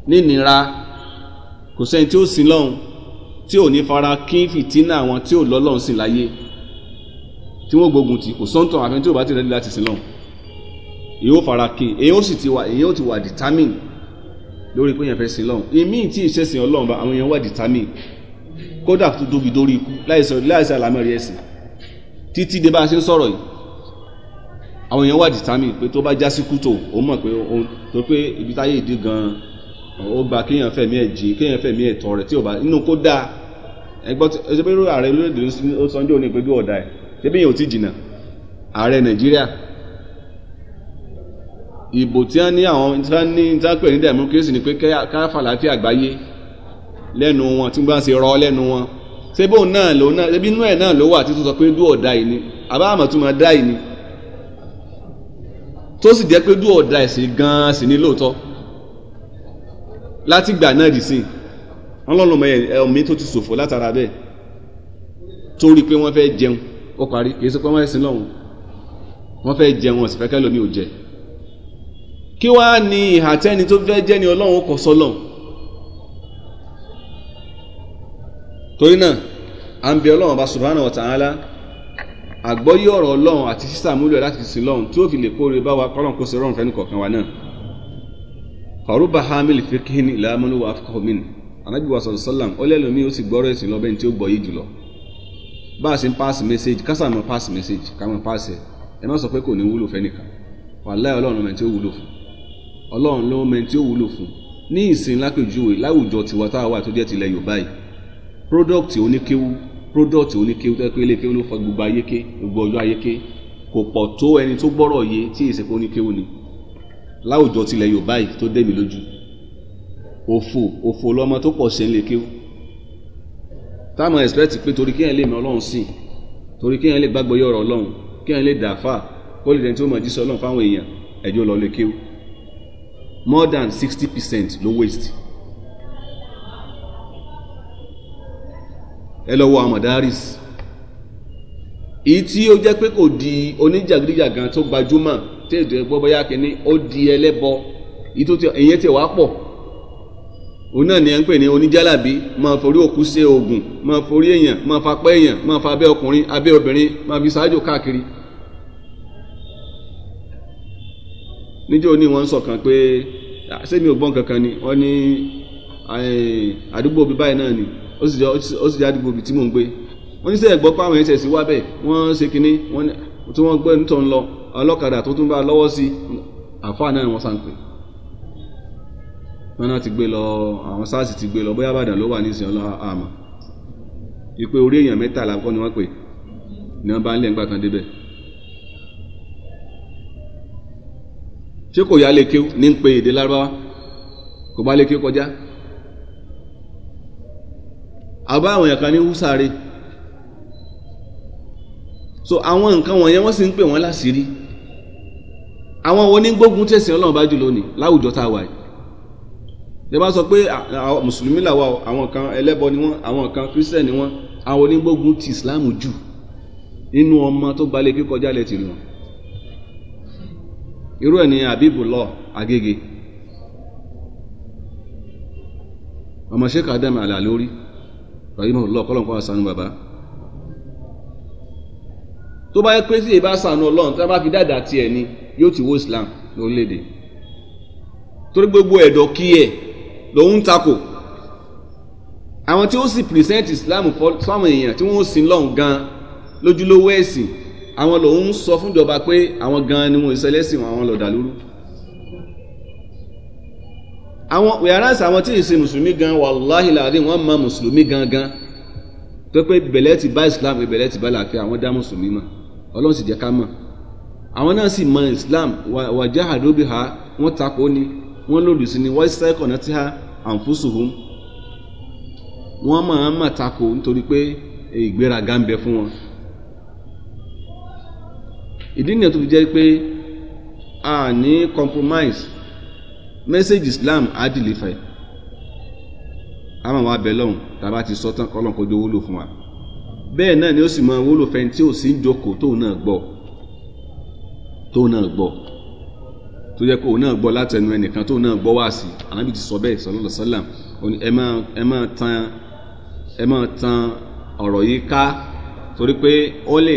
nínira kò sẹ́ni tí ó sin lọ́hùn tí ò ní fara kín fìtínà àwọn tí ò lọ́lọ́hùn sìn láyé tí wọ́n gbógun ti kò sọ́ńtàn àfẹn tí ò bá ti rẹ́dí láti sin lọ́hùn èyí ó fara kín èyí ó sì ti wà èyí ó ti wà determine lórí pé èèyàn fẹ́ sin lọ́hùn èmi tí ìṣẹ̀sìn ọlọ́run bá àwọn èèyàn wà determine kódà tó tóbi dórí ikú láìsọ láìsọ àlámẹ́rí ẹ̀sìn títí dé bá a ṣe ń sọ̀rọ̀ yìí àwọn èèyàn wà determine pé tó bá já sí kútó òun mọ̀ pé òun tó pé ibi táyé ìdí gan-an ó gba kéèyàn fẹ̀mí ẹ̀ jìn kéèyàn fẹ̀mí ẹ̀ tọ̀ rẹ̀ tí ò bá inú kó dáa ẹgbọ́n tí ó ṣe pé ààrẹ olóòdì ló sanjó ní ìpéjú ọ̀dà ẹ̀ ṣébí yẹn ò ti jìnnà ààrẹ nàìjíríà ìbò tí wọ́n ní àwọn tí wọ́n ní tí wọ́n pè ní democracy ni pé káfà láfíà àgbáyé lẹ́nu wọn tí wọ́n ṣe rọ lẹ́nu wọn ṣébí òun náà ló náà ṣébí inú ẹ̀ náà ló wà tí tó sọ pé dú ọ̀dà yìí ni àbá àmọ̀túnmọ̀ dá yìí ni tó sì jẹ́ pé dú ọ̀dà ẹ̀sìn gan-an sì ní lóòótọ́ láti gbà náà dì sí wọn lọ́nà ọmọ ẹ̀mí tó ti ṣòfò látara bẹ́ẹ̀ torí pé wọ́n fẹ́ jẹun ó parí kì í ṣe pé wọ́n ẹ̀sìn lọ́hùn wọ́n fẹ́ jẹun ọ̀sìn fẹ́ kẹ́lòmí ò jẹ kí wá ní ìhà tẹ́ni tó fẹ́ jẹ́ ni ọlọ́run kọ sọ́lọ́hùn torí náà à ń bẹ ọlọ́run bá subhanahu wa ta'ala àgbọ́yé ọ̀rọ̀ ọlọ́run àti sísàmúlò láti sìn lọ́hùn tí ó fi lè kóore bá wa kọ́lọ́n kó ṣe rọrùn faruba hamil fikihin ilamani wa afkahu min anabi wa sallallahu alaihi wasallam ó lẹ́nu mi ó sì gbọ́rọ̀ ẹ̀sìn lọ bẹ́ẹ̀ tí ó gbọ́ yìí jùlọ bá a ṣe ń pass message kásà mọ́ pass message ká mọ́ pass ẹ̀ ẹ má sọ pé kò ní wúlò fẹ́nìkan wàláhì ọlọ́run mẹ́ni tí ó wúlò fún ọlọ́run ló mẹ́ni tí ó wúlò fún ní ìsìn lápèjúwe láwùjọ tiwa táwa wà tó jẹ́ tilẹ̀ yorùbá yìí product oníkéwu product oníkéwu tó yẹ pé ilé ló fọ gbogbo ayéké gbogbo ọjọ́ ayéké kò pọ̀ tó ẹni tó gbọ́rọ̀ yé tí ìsìnkú oníkéwu ni láwùjọ tilẹ̀ yorùbá yìí tó dẹ́mi lójú òfò òfò lọmọ tó pọ̀ ṣe ń lè kéwù táwọn ẹ̀sìpẹ́tì pé torí kéèyàn lè mọ ọlọ́run sìn torí kéèyàn lè gbàgbọ́ yọ̀rọ̀ ọlọ́run kéèyàn lè dàáfà kó lè dẹni tó mọ̀ jísọ ọlọ́run fáwọn èèyàn ẹ̀jọ́ lọ lè kéwù more than sixty percent ló waste. ẹ lọ wo amadaris èyí tí ó jẹ́ pé kò di oníjàgídíjàgan tó gbajúmọ̀ tí èdè ẹgbọ́ bóyá ní ó di ẹlẹ́bọ ìtòtí ìyẹn ti wàá pọ̀ òun náà ni ẹ ń pè ní oníjálàbí máa forí òkú ṣe oògùn máa forí èèyàn máa fa abẹ́ ọkùnrin abẹ́ obìnrin máa fi ṣáájò káàkiri. wọ́n ń sọ̀kan pé sẹ́mi ò gbọ́n kankan ni wọ́n ní àdúgbò bíi náà ni ó sì jẹ́ àdúgbò bíi tí mò ń gbé wọ́n ní sẹ́yìn gbọ́ pé àwọn ẹ̀ṣẹ̀ sí wá wọ́n ṣe kinní tí wọ́n gbé nítọ̀ ń lọ ọlọ́kadà tó tún bá lọ́wọ́ sí àfáà náà wọ́n sáà ń pè ti gbé lọ àwọn sars ti gbé lọ bóyá àbàdàn ló wà ní ìsìn ọlọ́ àmọ́ orí èèyàn mẹ́tàlá kọ́ ni wọ́n pè ni wọ́n bá ń lẹ̀ ń gbà kan débẹ̀ ṣé kò yá lè kéw ní pe èdè lárúbáwá kò bá lè kéw so àwọn nǹkan wọ̀nyẹn wọ́n sì ń pè wọ́n láṣìírí àwọn onígbógun tẹ̀sìn ọlọ́run bá jù lónìí láwùjọ tá a wà yìí ṣe bá sọ pé mùsùlùmí làwa àwọn kan ẹlẹ́bọ ni wọ́n àwọn kan kírísítẹ̀ ni wọ́n àwọn onígbógun ti ìsìláàmù jù nínú ọmọ tó gbalẹ̀ kíkọjá lẹ̀ tìlú wọn irú ẹ̀ ni Habibullah Agége ọmọ sheik adam alalori rahimahullah kọ́lọ́nkọ́ asanu baba tó bá yẹ pé sí ìbá sànù ọlọ́run tá a bá fi dáadáa tiẹ̀ ni yóò ti wó islam lórílẹ̀ torí gbogbo ẹ̀dọ̀ kí ẹ̀ lòun takò àwọn tí ó sì present islam fáwọn èèyàn tí wọ́n sin lọ́hùn gan lójúlówó ẹ̀sìn àwọn lòun sọ fúnjọba pé àwọn gan ni wọn ìṣẹlẹ́sìn àwọn lọ̀dà lóru àwọn wíyárás àwọn tí ìṣe mùsùlùmí gan wàláhì láàrin wọn mọ mùsùlùmí gan gan tó pé bẹ̀lẹ́ ti bá islam bẹ̀lẹ́ ti bá làáfíà àwọn dá mùsùlùmí mọ́ ọlọ́run sì jẹ́ ká mọ̀ àwọn náà sì mọ islam wàjá àdóbi ha wọ́n takò ni wọ́n lòdì sí ni wọ́n sẹ́kọ̀ náà ti ha àǹfóṣùhùn wọ́n máa ń mà takò nítorí pé ìgbéraga ń bẹ fún wọn. ìdí nìyẹn tó fi jẹ́ pé a ní compromise message islam á dìlífẹ̀ẹ́ a máa wá bẹ lọ́hùn tá a bá ti sọ tán kọ́lọ́n kó jówó lò fún wa bẹ́ẹ̀ náà ni ó sì máa wúlò fẹ́ni tí ò sí ń jókòó tóun náà gbọ́ tóun náà gbọ́ tó jẹ́ pé òun náà gbọ́ látẹnu ẹnìkan tóun náà gbọ́ wá sí anábì ti sọ bẹ́ẹ̀ sallallahu alaihi wasallam ẹ máa ẹ máa tan ẹ máa tan ọ̀rọ̀ yìí ká torí pé ó lè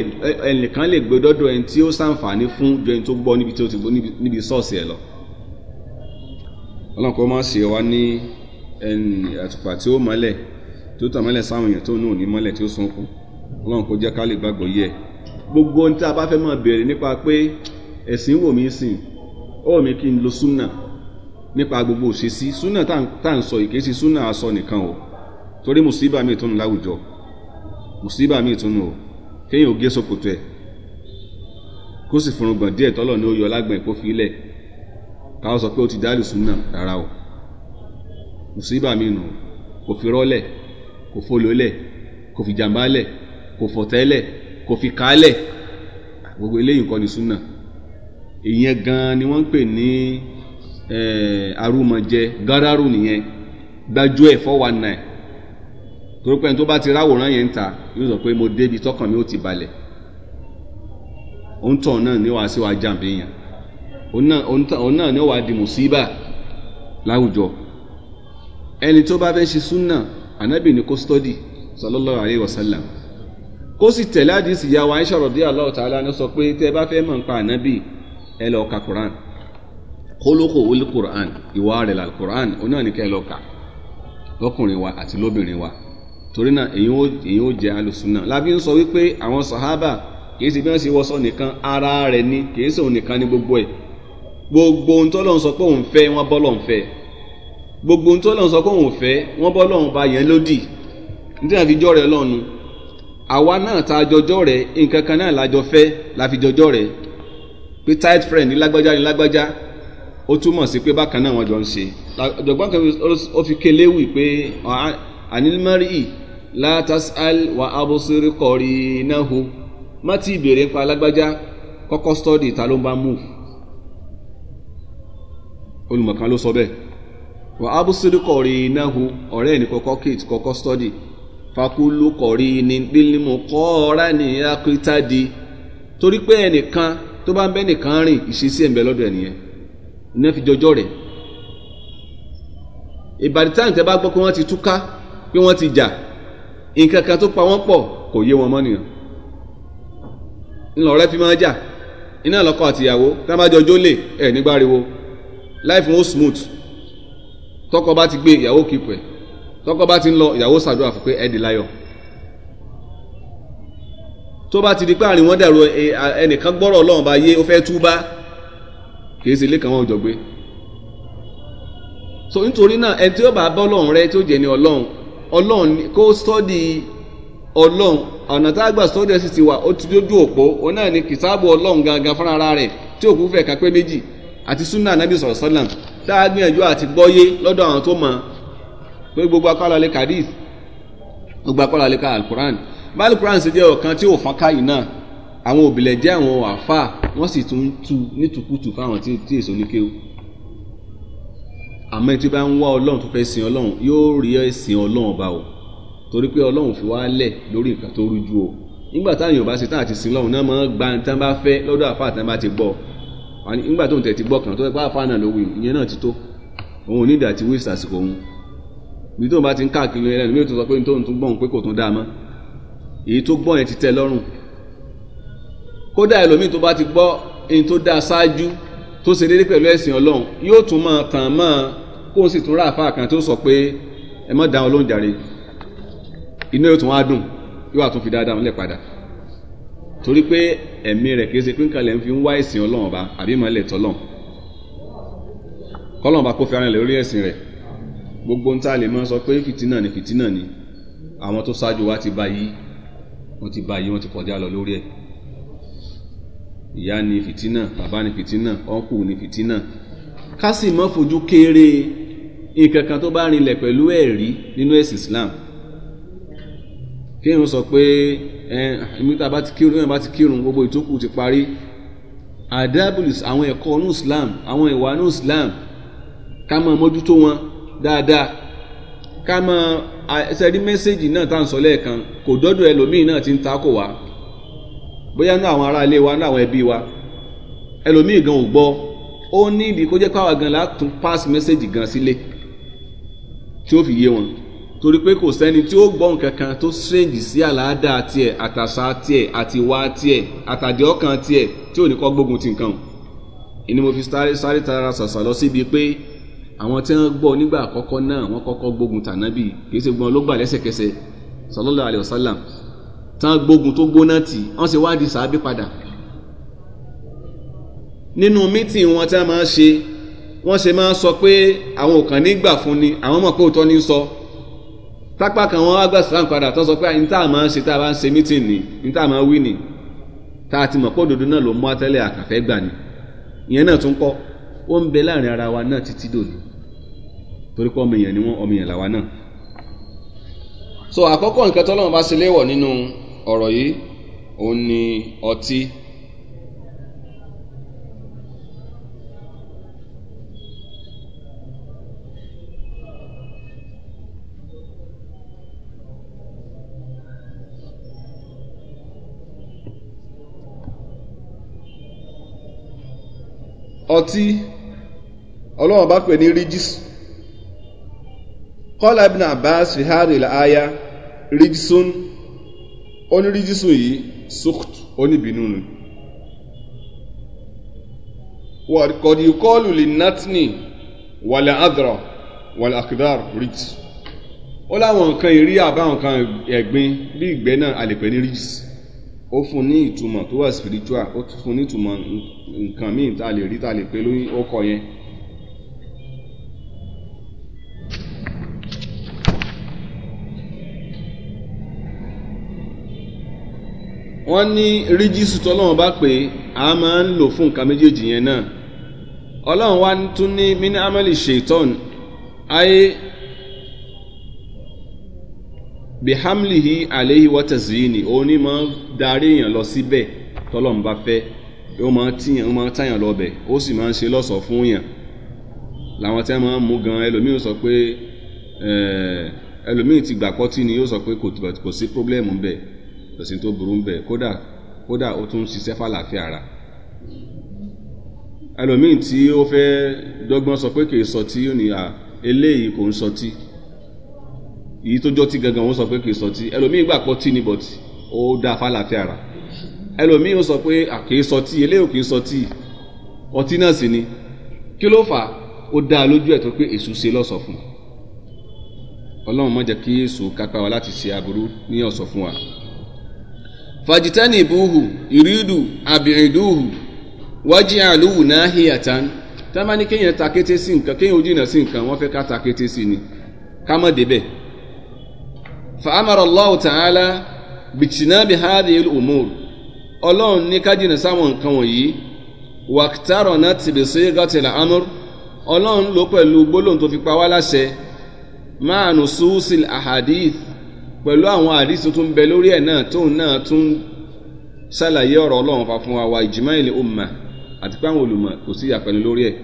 ẹnìkan lè gbé dọ́dọ̀ ẹni tí ó ṣàǹfààní fún ju ẹni tó gbọ́ níbi tí ó ti gbọ́ níbi sọ́ọ̀sì ẹ̀ lọ. ọlọ́run kó má ṣe wá ní ẹni àtùpà tí ó mọ́lẹ̀ tó tàn mọ́lẹ̀ sáwọn èèyàn tó nù ní mọ́lẹ̀ tí ó sunkún. ọlọ́run kò jẹ́ ká lè gbàgbọ́ yẹ gbogbo ohun tí a bá fẹ́ máa béèrè nípa pé ẹ̀sìn wò mí sìn ó mi kí n lo súnà nípa gbogbo òṣèṣì súnà tá à ń sọ ìkéṣi súnà aṣọ nìkan o torí mùsíbà mi ìtúnu láwùjọ mùsíbà mi ìtúnu o kéèyàn ò gé ẹ̀ kó sì fúnrúgbọ̀n díẹ̀ tọ́lọ̀ ní ó yọ fi o mùsíbà kò fọ̀tẹ́lẹ̀ kò fi kálẹ̀ gbogbo eléyìí nǹkan ni súnà ìyẹn gan ni wọ́n ń pè ní arúmọjẹ gáràrú nìyẹn gbájú ẹ̀ fọ́wà náà torí pé ẹni tó bá ti ráwòrán yẹn ń ta yóò sọ pé mo débi tọkàn mi ó ti balẹ̀ òun tàn náà ní wàá sí wàá jàǹbí yàn òun náà ní wàá di mùsíbà láwùjọ ẹni tó bá fẹ́ ṣe súnà ànábì ní kó stọ́dì sallallahu alayhi wa sallam ó sì tẹ̀lé àdìsí ìyá wa Aisha radiyallahu ta'ala ni ó sọ pé tẹ́ ẹ bá fẹ́ mọ̀ nípa ànábì ẹ lọ ka Quran kólókò wọlé Quran ìwà rẹ̀ là Quran ó náà ní kẹ́ ẹ lọ kà lọ́kùnrin wa àti lóbìnrin wa torí náà èyí ó jẹ́ alùsùnà lábí ń sọ wípé àwọn sàhábà kìí ṣe bí wọ́n ṣe wọ́sọ nìkan ara rẹ̀ ni kìí ṣe òun nìkan ní gbogbo ẹ̀ gbogbo ohun tó lọ́n sọ pé òun fẹ́ wọ́n bọ́ lọ́n fẹ́ gbogbo ohun tó lọ́n sọ pé òun fẹ́ wọ́n bọ́ lọ́n ba yẹn lódì nítorí àfijọ́ rẹ̀ lọ́nu àwa náà ta jọjọ́ rẹ̀ nǹkan kan náà lájọ fẹ́ la fi jọjọ́ pé tight friend ní lágbájá ní lágbájá ó túmọ̀ sí pé bákan náà wọ́n jọ ń ṣe ọ̀jọ̀gbọ́n kan ó fi keléwì pé ànímọ́rì látàsàl wà abosiri kọ̀rí náà ho má ti ìbéèrè ń pa lágbájá kọ́kọ́ stọ́dì ta ló ń bá move olùmọ̀kan ló sọ bẹ́ẹ̀ wà abosiri kọ̀rí náà ho ọ̀rẹ́ ẹ̀ ní kọ́kọ́ kate kọ́kọ́ stọ́dì fakulu kọ̀rí ni bílímù kọ́ọ̀rá ni akitadi torí pé ẹnìkan tó bá ń bẹ́ nìkan rìn ìṣesí ẹ̀ ń bẹ lọ́dọ̀ ẹ̀ nìyẹn iná fi jọjọ́ ìbàdí táwọn tẹ bá gbọ́ pé wọ́n ti túká pé wọ́n ti jà nǹkan kan tó pa wọ́n pọ̀ kò yé wọn mọ́ nìyẹn ńlọ rẹ fi máa jà iná lọ́kọ àtìyàwó tá a bá jọjọ́ lè ẹ̀ nígbàriwo life no smooth tọkọ bá ti gbé ìyàwó kìí tọkọ bá ti ń lọ ìyàwó ṣàdúrà fún pé ẹ di láyọ̀ tó bá ti di pé àrìn wọn dàrú ẹnìkan gbọ́rọ̀ ọlọ́run bá yé ó fẹ́ túbá kì í ṣe ilé kan wọn jọ gbé so nítorí náà ẹni tí ó bá bá ọlọ́run rẹ tí ó jẹ́ ní ọlọ́run ọlọ́run kó sọ́ọ̀dì ọlọ́run ọ̀nà tá a gbà sọ́ọ̀dì ẹ̀ sì ti wà ó ti dójú òpó òun náà ni kìsáàbù ọlọ́run gangan fúnra ara rẹ̀ tí òkú fẹ̀ kápẹ́ méjì àti súnà anábì sọ̀rọ̀ sọ́làm tá a gbìyànjú àti gbọ́yé lọ́dọ̀ àwọn tó mọ̀ pé gbogbo akọ́lọ̀ lè kàdís gbogbo akọ́lọ̀ lè ka alukuran bá alukuran ṣe jẹ́ ọ̀kan tí ò fọ́nká yìí náà àwọn òbílẹ̀ jẹ́ àwọn àfà wọ́n sì tún tu nítukùtù fáwọn tí èso ní kéwù àmọ́ tí bá ń wá ọlọ́run tó fẹ́ sin ọlọ́run yóò rí ẹ̀sìn ọlọ́run ọba o torí pé ọlọ́run fi wá lẹ̀ lórí nǹkan tó rújú o nígbà táwọn yorùbá ṣe tán àti sin lọ́run náà máa ń gba ní tán bá fẹ́ lọ́dọ̀ àfà tán bá ti gbọ́ nígbà tó ń tẹ̀ ti gbọ́ kàn tó ẹ pé àfà náà ló wí ìyẹn náà ti tó òun ò ní ìdàtí wíṣ àsìkò òun bí tóun bá ti ń káàkiri ẹlẹ́nu mi ò tún sọ pé tóun tún gbọ́n pé kò tún dáa mọ́ èyí tó gbọ́n yẹn ti tẹ́ lọ́rùn kódà ẹlòmíì tó bá ti gbọ́ èyí tó dáa ṣáájú tó ṣe déédéé pẹ̀lú ẹ̀sìn ọlọ́run yóò tún máa tàn mọ́ kóun sì tún rà àfáà kan tó sọ pé ẹ mọ́ dáhùn ló ń jàre inú yóò tún wá dùn yóò wá tún fi dáadáa lẹ̀ padà torí pé ẹ̀mí rẹ̀ kì í ṣe pé nǹkan lẹ̀ ń fi ń wá ẹ̀sìn ọlọ́run ọba àbí ìmọ̀lẹ̀ tọ́lọ́run kọ́lọ́run kó fi ara rẹ̀ lórí ẹ̀sìn rẹ̀ gbogbo ń tà lè máa sọ pé fìtínà ni fìtínà ni àwọn tó ṣáájú wa ti bá yí wọ́n ti bá yí wọ́n ti kọjá lọ lórí ẹ̀ ìyá ni fìtínà bàbá ni fìtínà ọ̀nkù ni fìtínà ká sì mọ́ fojú kéré nǹkan kan tó bá rinlẹ̀ pẹ̀lú ẹ̀rí nínú ẹ̀sìn Islam kéèyàn sọ pé ẹ ìmúta bá ti kírun ẹ̀ bá ti kírun gbogbo ìtókù ti parí adabulis àwọn ẹ̀kọ́ nù Islam àwọn ìwà nù Islam ká máa mójútó wọn dáadáa ká mọ ẹsẹ̀ rí mẹ́sẹ̀gì náà tá à ń sọ lẹ́ẹ̀kan kò dọ́dọ̀ ẹlòmíì náà ti ń takò wá bóyá ní àwọn ará ilé wa ní àwọn ẹbí wa ẹlòmíì gan ò gbọ́ ó ní ìdí kó jẹ́ káwa gan látún pass mẹ́sẹ̀gì gan sílé tí ó fi yé wọn torí pé kò sẹ́ni tí ó gbọ́ nǹkan kan tó ṣèǹjì sí àlàáda tiẹ̀ àtàṣà tiẹ̀ àtiwá tiẹ̀ àtàjẹ́ ọkàn tiẹ̀ tí ò ní kọ́ gbógun ti nǹkan ìní mo fi sáré sáré tara ṣàṣà lọ síbi pé àwọn tí wọ́n gbọ́ nígbà àkọ́kọ́ náà wọ́n kọ́kọ́ gbógun tànábì kì í ṣe gbọ́n ló gbà lẹ́sẹ̀kẹsẹ̀ sallallahu alaihi wasallam tán gbógun tó gbóná tì wọ́n ṣe wádìí sàábì padà. nínú mítìn wọn tí wọ́n máa ń ṣe wọ́n ṣe máa ń sọ pé àwọn òkàn nígbà fún ni àwọn mọ̀ pé òótọ́ ní sọ tápá kan wọn wá gbà sàlámù padà tó sọ pé ní tá a máa ń ṣe tá a ni ní tá a ìyẹn náà tún kọ́ ó ń bẹ láàrin ara wa náà títí dòní torí pé ọmọ èèyàn ni wọ́n ọmọ èèyàn làwa náà. so àkọ́kọ́ nǹkan tọ́lọ́run bá ṣe léwọ̀ nínú ọ̀rọ̀ yìí òun ni ọtí. ọtí ọlọ́run bá pè ní rígísì قال ابن abbas في hari الآية rígísún oní rígísún yìí sukt بنون، ni wọ́n kọ́lù lè nátìní wàlẹ̀ adra wàlẹ̀ akidar rígs ó láwọn nǹkan ìrí àbáwọn nǹkan ẹ̀gbin bí ìgbẹ́ náà àlèpẹ́ ní rígs ó fún ní ìtumọ̀ tó wà spiritual ó fún ní ìtumọ̀ nǹkan míì tá a lè rí tá a lè pè lóyún ó kọ yẹn wọ́n ní rígísù tọ́lọ́wọ́n bá pé a máa ń lò fún nǹkan méjèèjì yẹn náà ọlọ́run wá tún ní mini amali shaitan ayé bihamlihi alayhi wa tazini òun ni máa ń darí èèyàn lọ síbẹ̀ tọ́lọ́run bá fẹ́ ó máa tíyàn ó máa táyàn lọ́bẹ̀ ó sì máa ń ṣe lọ́sọ̀ọ́ fún yàn làwọn tí wọ́n máa ń mú gan ẹlòmíràn sọ pé ẹlòmíràn ti gbàpọ́tì ni yóò sọ pé kò sí pọ́blẹ́mù bẹ́ẹ̀ kò sí tó burú ń bẹ̀ kódà kódà ó tún ṣiṣẹ́ fàlàfíà ara ẹlòmíì tí ó fẹ́ dọ́gbọ́n sọ pé kì í sọtí ó ní à eléyìí kò ń sọtí èyí tó jọ tí gangan ó sọ pé kì í sọtí ẹlòmíì gbà pọ̀ tí ni but ó dá fàlàfíà ara ẹlòmíì ó sọ pé kì í sọtí eléyìí kì í sọtí ọtí náà sì ni kí ló fà ó dá lójú ẹ̀ tó pé èṣù ṣe lọ́sọ̀ fún ọlọ́run má jẹ́ kí èṣù kápá wa láti ṣe aburú ní ọ̀sọ̀ fún wa fajitanibuhu iridu abiduhu wájí àlùwù náà hìyàtán tá a bá ní kéèyàn ta kété sí nǹkan kéèyàn ojìnà sí nǹkan wọ́n fẹ́ ká ta kété sí ni ká má débẹ̀. fa amara allah ta'ala bìtìnà bí hádì ìlú umur ọlọ́run ní ká jìnà sáwọn nǹkan wọ̀nyí wàktárọ̀ náà ti bè sí gàtìlà amúr ọlọ́run ló pẹ̀lú gbólóhùn tó fi pa wá láṣẹ máa nù súúsìl àhàdíìth pẹ̀lú àwọn àdísì tó ń bẹ lórí ẹ̀ náà tóun náà tún ṣàlàyé ọ̀rọ̀ ọlọ́run fa fún wa wa ìjìmọ́ ilé umma àti pé àwọn olùmọ̀ kò sí ìyàpẹ̀lú lórí ẹ̀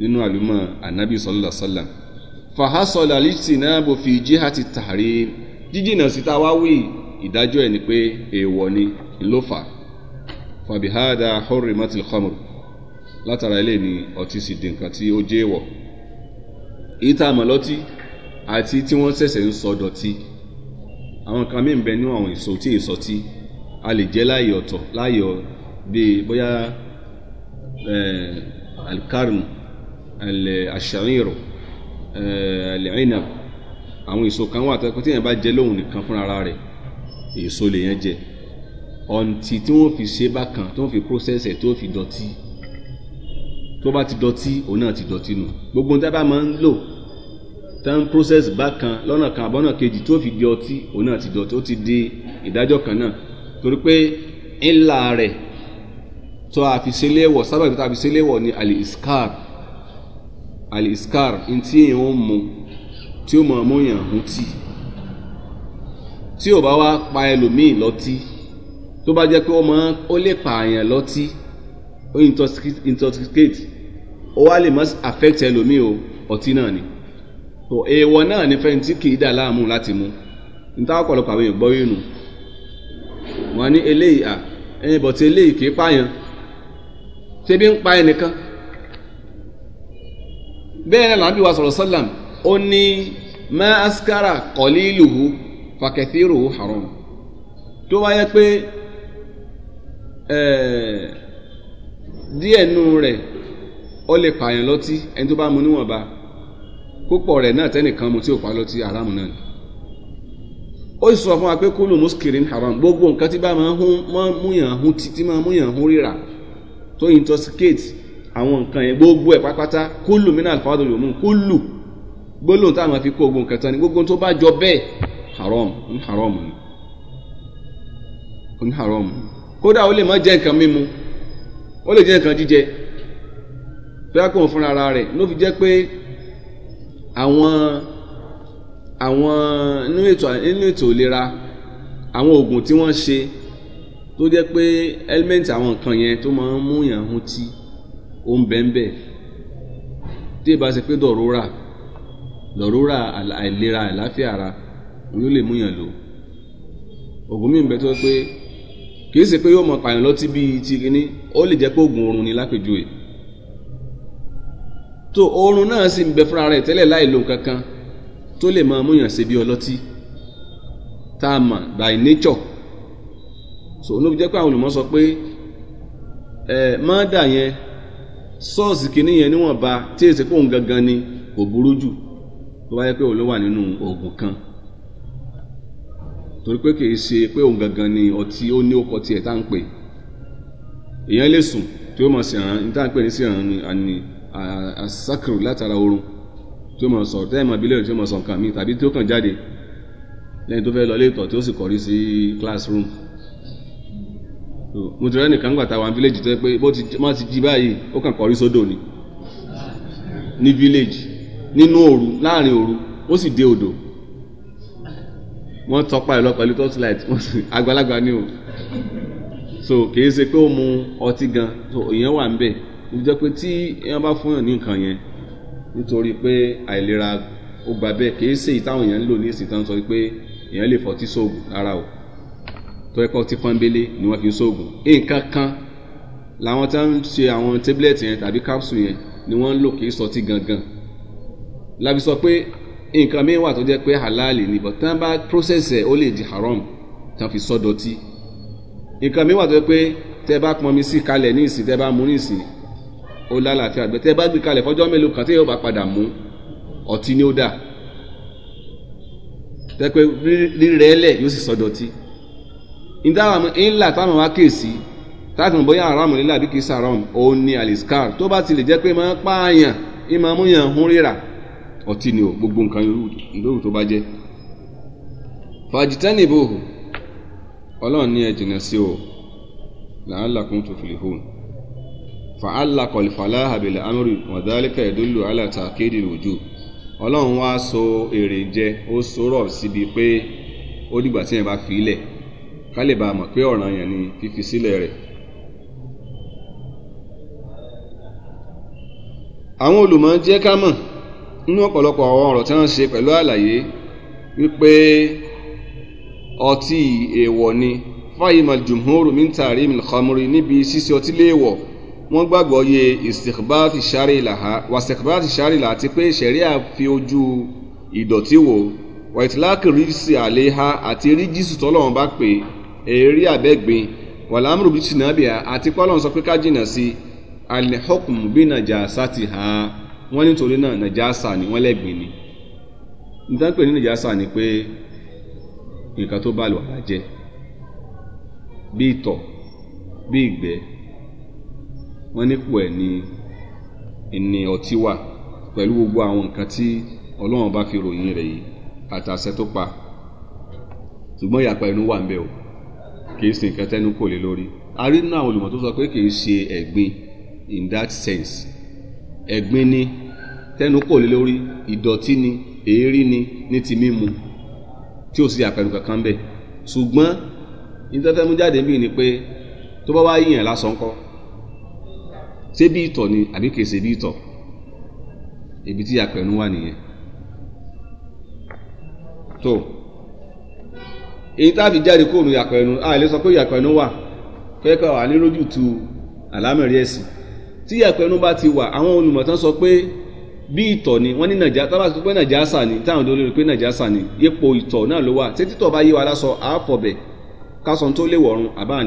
nínú àlùmọ̀ ànábì sọlọ́lá sọlá fàhásọ̀lá lítì náà bò fi jíhà ti tààrí jíjìnà síta wá wí ìdájọ́ ẹ̀ ni pé èèwọ̀ ni ló fà fàbíhádà hórí mọ́tìlì khamr látara ilé ni ọtí sì di nǹkan tí ó jẹ́ èèwọ̀ ìta àti tí wọ́n ṣẹ̀ṣẹ̀ ń sọ dọ̀tí. So àwọn kan mí ń bẹ nínú àwọn èso tí èso tí a lè jẹ láàyè ọ̀tọ̀ láàyè bíi bóyá alkarm aṣàríyìrò alẹ́rìnà àwọn èso kan wà tó tí yẹn bá jẹ lóhùn nìkan fúnra rẹ̀ èso lè yẹn jẹ ọ̀ǹtì tí wọ́n fi ṣe bákan tí wọ́n fi process ẹ̀ tí wọ́n fi dọ̀tí tó bá ti dọ̀tí òun náà ti dọ̀tí nù gbogbo ohun tí a bá máa ń lò tán process bákan lọ́nà kan àbọ̀nà kejì tó fi di ọtí òun náà ti dọ̀tí ó ti di ìdájọ́ kan náà torí pé ńlá rẹ̀ tó a fi ṣe léwọ̀ sábàbí tó a fi ṣe léwọ̀ ni aliskar aliskar ntí èèyàn ó mu tí ó mọ̀ ọ́ mọ̀yàn ń tì tí ò bá wá pa ẹlòmíì lọ́tí tó bá jẹ́ pé ọmọ ó lè pààyàn lọ́tí ó intoxicate ó wá lè má affect ẹlòmíì o ọtí náà ni. tó èèwọ̀ náà ní fẹ́ tí kìí dà láàmú láti mú níta ọ̀pọ̀lọpọ̀ àwọn èèyàn yìí nù wọ́n ní eléyìí à ẹ̀yìn bọ̀ tí eléyìí kìí pààyàn ṣé bí ń pa ẹnìkan bẹ́ẹ̀ náà làbí wa sọ̀rọ̀ ó ní má haram tó wáyé púpọ̀ rẹ̀ náà tẹ́nìkan mu tí ò pa lọ ti haram náà ni ó sì sọ fún wa pé kúlù muskirin haram gbogbo nǹkan tí bá máa hún máa múyàn hún títí máa múyàn hún rírà tó intoxicate gbogbo ẹ̀ pátápátá kúlù mínà alfàdù yòómù kúlù gbólóhùn máa fi kó gbogbo ni gbogbo tó bá jọ bẹ́ẹ̀ haram haram ni haram kódà ó lè má nǹkan mímu ó fi jẹ́ pé àwọn àwọn nínú ètò nínú ètò ìlera àwọn oògùn tí wọ́n ṣe tó jẹ́ pé ẹ́límẹ́ǹtì àwọn nǹkan yẹn tó máa ń mú yàn hun tí ó ń bẹ́ẹ̀ bẹ́ẹ̀ tí ìbá ṣe pé dọ̀rọ́rà dọ̀rọ́rà àìlera àìláfíà ara òun ló lè mú yàn lò oògùn mi ń bẹ tó pé kì í ṣe pé yóò mọ pààyàn lọ́tí bíi ti kíní ó lè jẹ́ pé oògùn oorun ni lápèjúwe. to oorun náà sì ń bẹ fúnra rẹ̀ tẹ́lẹ̀ láì lo nǹkan kan tó lè máa múyàn ṣe bí tá a mà by nature so ló jẹ́ pé àwọn olùmọ̀ sọ pé ẹ mọ́dà yẹn sọ́ọ̀sì kìíní yẹn níwọ̀nba tí èsì ni kò burú jù tó bá yẹ pé òun ló wà nínú oògùn kan torí pé kìí ṣe pé òun gangan ni ọtí ó ní ọkọ tiẹ̀ tá à ń pè èèyàn lè sùn tí ó mọ̀ sí àrán ni àsákìrò látara oorun tí ó máa sọ tẹ́ ẹ̀ máa bílẹ̀ tí ó máa sọ nǹkan mi tàbí tí ó kàn jáde lẹ́yìn tó fẹ́ lọ léètọ̀ tí ó sì kọrí sí classroom mo ti rẹ́ nìkan gbàtà wà ní village tó yẹ pé bó ti má ti jí báyìí ó kàn kọrí sódò ni ní village nínú òru láàrin òru ó sì dé odò wọ́n tọpa ẹ̀ lọ pẹ̀lú torchlight àgbàlagbà ni o so kì í ṣe pé ó mu ọtí gan so ìyẹn wà ń bẹ́ẹ̀ ìjọ pé tí èèyàn bá fún yàn ní nǹkan yẹn nítorí pé àìlera ó gba bẹ́ẹ̀ kì í ṣe ìtàwọn èèyàn ń lò ní ìsìn tán sọ pé èèyàn lè fọtí sóògùn rárá o tó ẹ̀kọ́ ti pọ́nbélé ni wọ́n fi ń sóògùn nǹkan kan làwọn tá ń ṣe àwọn tábìlẹ̀tì yẹn tàbí capsule yẹn ni wọ́n ń lò kì í sọtí gangan láfi sọ pé nǹkan míì wà tó jẹ́ pé halali ni but tán bá process ẹ̀ ó lè di haram tán fi sọ́dọ̀tí nǹkan míì wà tó jẹ́ pé tẹ́ bá pọnmi sí kalẹ̀ ní ìsìn tẹ́ bá mú ní ìsìn ó lálàáfíà gbẹtẹ bá gbé kalẹ̀ fọjọ́ mélòó kan tí yóò bá padà mú ọtí ni ó dà tẹpẹ rírẹ yóò sì sọdọtí ńlá táwọn wá kèsì táwọn bóyá aram nílẹ̀ àbí kìí sàrọm òun ni aliskar tó bá tilẹ̀ jẹ́ pé máa ń pààyàn ìmọ̀ amúyàn ń ríra ọtí ni o gbogbo nǹkan ìlú tó bá jẹ́ bò ọlọ́run ní sí o tó fìlè hóun. fa'alaq al-falaha bil amri wa dhalika yadullu ala ta'kidil wujub ọlọ́run wá so èrè jẹ ó sọ̀rọ̀ síbi pé ó dìgbà tí yẹn bá fi ilẹ̀ ká lè bàa mọ̀ pé ọ̀ràn yẹn ni fífi sílẹ̀ rẹ̀. àwọn olùmọ̀ jẹ́ ká mọ̀ nínú ọ̀pọ̀lọpọ̀ àwọn ọ̀rọ̀ tí wọ́n ṣe pẹ̀lú àlàyé wípé ọtí èèwọ̀ ni fáyìmọ̀ jùmhóòrò min tarimil níbi ṣíṣe ọtí léèwọ̀ wọ́n gbàgbọ́ yé ìsìkbáàtì sárìlà ha wà sìkbáàtì sárìlà àti pé sẹ̀ríà fi ojú ìdọ̀tí wò wàtíláàkì ríjìsì àlẹ́ ha àti ríjìsì tọ́lọ́wọ́n bá pè èrí àbẹ́gbin wàlámùrù bíi tìǹbìà àti pọ́lọ́n sọ pé ká jìnnà sí alẹ́hókùn bí nàjàsá ti ha wọ́n nítorí náà nàjàsá ni wọ́n lẹ́gbìn ni nítorí pé ní nàjàsá ni pé nǹkan tó bá lò àlàjẹ bíi ìtọ̀ bíi ìgbẹ́ wọ́n nípò ẹ̀ ni ẹni ọtí wà pẹ̀lú gbogbo àwọn nǹkan tí ọlọ́run bá fi ròyìn rẹ̀ yìí àtàṣẹ tó pa ṣùgbọ́n ìyapa ẹnu wà ń bẹ o kìí ṣe nǹkan tẹ́nu kò lé lórí a rí nínú àwọn olùmọ̀ tó sọ pé kìí ṣe ẹ̀gbin in that sense ẹ̀gbin ni tẹ́nu kò lé lórí ìdọ̀tí ni èérí ni ní ti mímu tí ò sí àpẹnu kankan ń bẹ ṣùgbọ́n ní jáde bíi ni pé tó bá wá yíyàn lásán kọ́ sebi bí ni àbí ibi tí apẹ̀rún wà nìyẹn tó èyí tá a fi jáde kóònù a lè sọ pé yàpẹ̀rún wà kẹ́kọ̀ọ́ wà níròjù tu àlámẹ̀rí ẹ̀sìn tí yàpẹ̀rún bá ti wà àwọn olùmọ̀tán sọ pé bí ìtọ̀ ni wọ́n ní nàìjà tá a sọ pé nàìjà sà ni táwọn olórí pé nàìjà ni ipò ìtọ̀ náà ló wà títí tọ̀ bá yé wa lásọ tó lè wọ̀run àbáà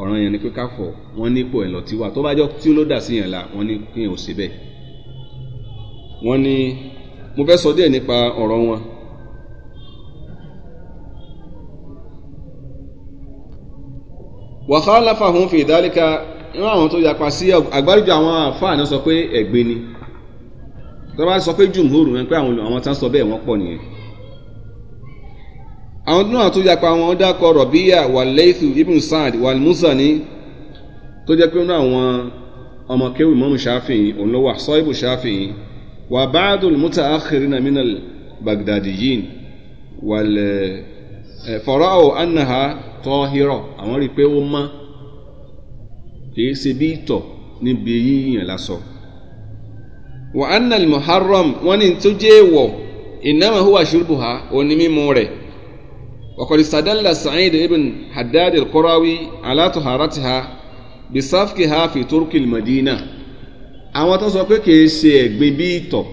ọ̀ràn yẹn ni pé ká fọ̀ wọ́n nípò ẹ̀ lọ tiwa tó bá jọ tí ló dà sí yẹn la wọ́n ní kí yẹn ò ṣe bẹ́ẹ̀. wọ́n ní mo fẹ́ sọ díẹ̀ nípa ọ̀rọ̀ wọn. wàhálà fàhùn fi ìdálẹ́ka irun àwọn tó yapa sí àgbáríjọ àwọn àfáà náà sọ pé ẹ̀gbin ni tó bá sọ pé jùmùhóòrù wọn pé àwọn tán sọ bẹ́ẹ̀ wọ́n pọ̀ nìyẹn àwọn tó náà tó yapa wọn dákọ rọ̀bíyà wàlẹ́ìtù ibn saad wàlmúzani tó jẹ́ pé ó ní àwọn ọmọ kéwì mọ́mù ṣáfìyìn òun ló wà sọ́ìbù ṣáfìyìn wà báàdùn múta àkìrí na minal bagdadiyin wàlẹ̀ eh, fọ̀rọ̀ anaha tọ́hírọ̀ àwọn rí i pé ó mọ́ kìí ṣe bí ìtọ̀ níbi yíyàn lásán wà annal muharram wọ́n ní tó jẹ́ èèwọ̀ ìnáwó huwa ṣubùhà òní mímú rẹ̀ وقد استدل سعيد بن حداد القراوي على طهارتها بسفكها في ترك المدينة àwọn tó sọ pé kì í ṣe ẹ̀gbin bí ìtọ̀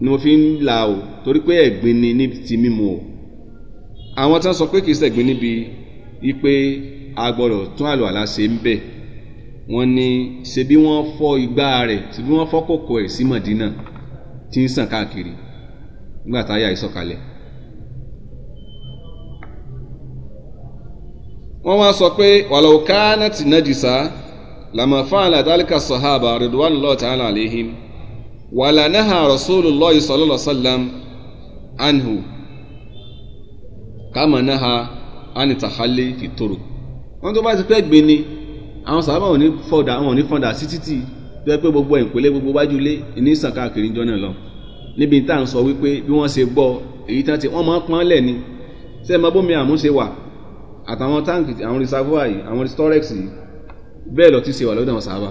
ni mo fi ń la o torí pé ẹ̀gbin ni níbi ti mímu o àwọn tó sọ pé kì í ṣe ẹ̀gbin níbi ipe a gbọ́dọ̀ tún àlùwàlá ṣe ń bẹ̀ wọ́n ní ṣe bí wọ́n fọ́ igbá rẹ̀ ṣe bí wọ́n fọ́ kòkò ẹ̀ sí Mọ̀dínà tí ń sàn káàkiri nígbà táyà ìsọ̀kalẹ̀ wọ́n wá sọ pé wàlọ́ kánẹ́tì nàjìsá làmà fáàlì àdálíkà sọ̀hábà rìdwan lọ́ọ̀ tààlà àléhìm wàlà náà rasúlù lọ́ọ̀yì sọ̀lọ́lọ́ sálàm anhu kàmà náà anìtàhálẹ̀ fìtòrò. wọ́n tó bá ti fẹ́ gbé ni àwọn sàhábà wọn ní fọ̀dà wọn ní fọ̀dà sí títì tó yẹ pé gbogbo ìpele gbogbo wájú lé ní sàn káàkiri jọ náà lọ níbi tá àtàwọn táǹkì àwọn reservoir yìí àwọn storex yìí bẹ́ẹ̀ lọ ti ṣe wà lọ́dọ̀ àwọn sàábà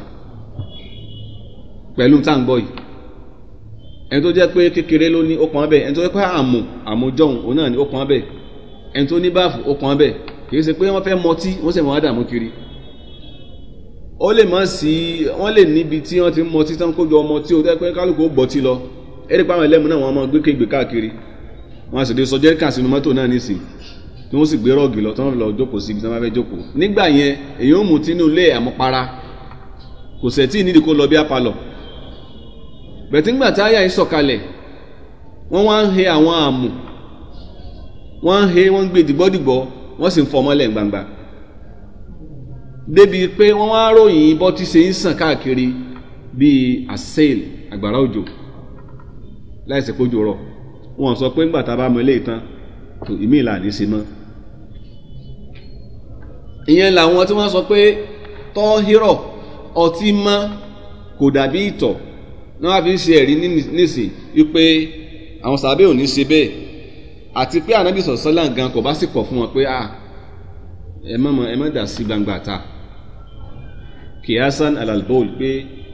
pẹ̀lú táǹgbọ̀ yìí ẹni tó jẹ́ pé kékeré ló ní ó pọn bẹ́ẹ̀ ẹni tó jẹ́ pé àmù àmùjọ̀hún òun náà ní ó pọn bẹ́ẹ̀ ẹni tó ní báàfù ó pọn bẹ́ẹ̀ kì í ṣe pé wọ́n fẹ́ mọtí wọ́n sì mọ àdàmú kiri ó lè má sí wọ́n lè níbi tí wọ́n ti ń mọtí tán kó jọ ọmọ tí ó dẹ́pẹ́ kálukú ó bọ̀tí lọ ẹ̀rí pàwọn tí wọ́n sì gbé rọ́ọ̀gì lọ tí wọ́n fi lọ jókòó síbi tí wọ́n fẹ́ jókòó nígbà yẹn èyí ó mú tinú ilé àmupara kò sẹ̀tì nídìí kó lọ bí apalọ̀ bẹ̀tí ńgbà tí ń he àwọn àmù wọ́n ń he wọ́n ń gbé dìgbọ́dìgbọ́ wọ́n sì ń fọmọ́lẹ̀ gbangba débi pé wọ́n wá ròyìn bọ́ ṣe ń sọ pé ńgbà tá a bá mọ ìmí ìlànà ìyẹn làwọn tí wọ́n sọ pé tọ́hírọ̀ ọtí mọ́ kò dàbí ìtọ̀ náà wàá fi ń ṣe ẹ̀rí nísìn wípé àwọn sàbẹ̀ ò ní ṣe bẹ́ẹ̀ àti pé ànábì sọ̀sọ́lá gan kò bá sì kọ̀ fún wọn pé ah ẹ mọ̀ mọ̀ ẹ mọ̀ dà sí gbangba ta kìyásán alalbol pé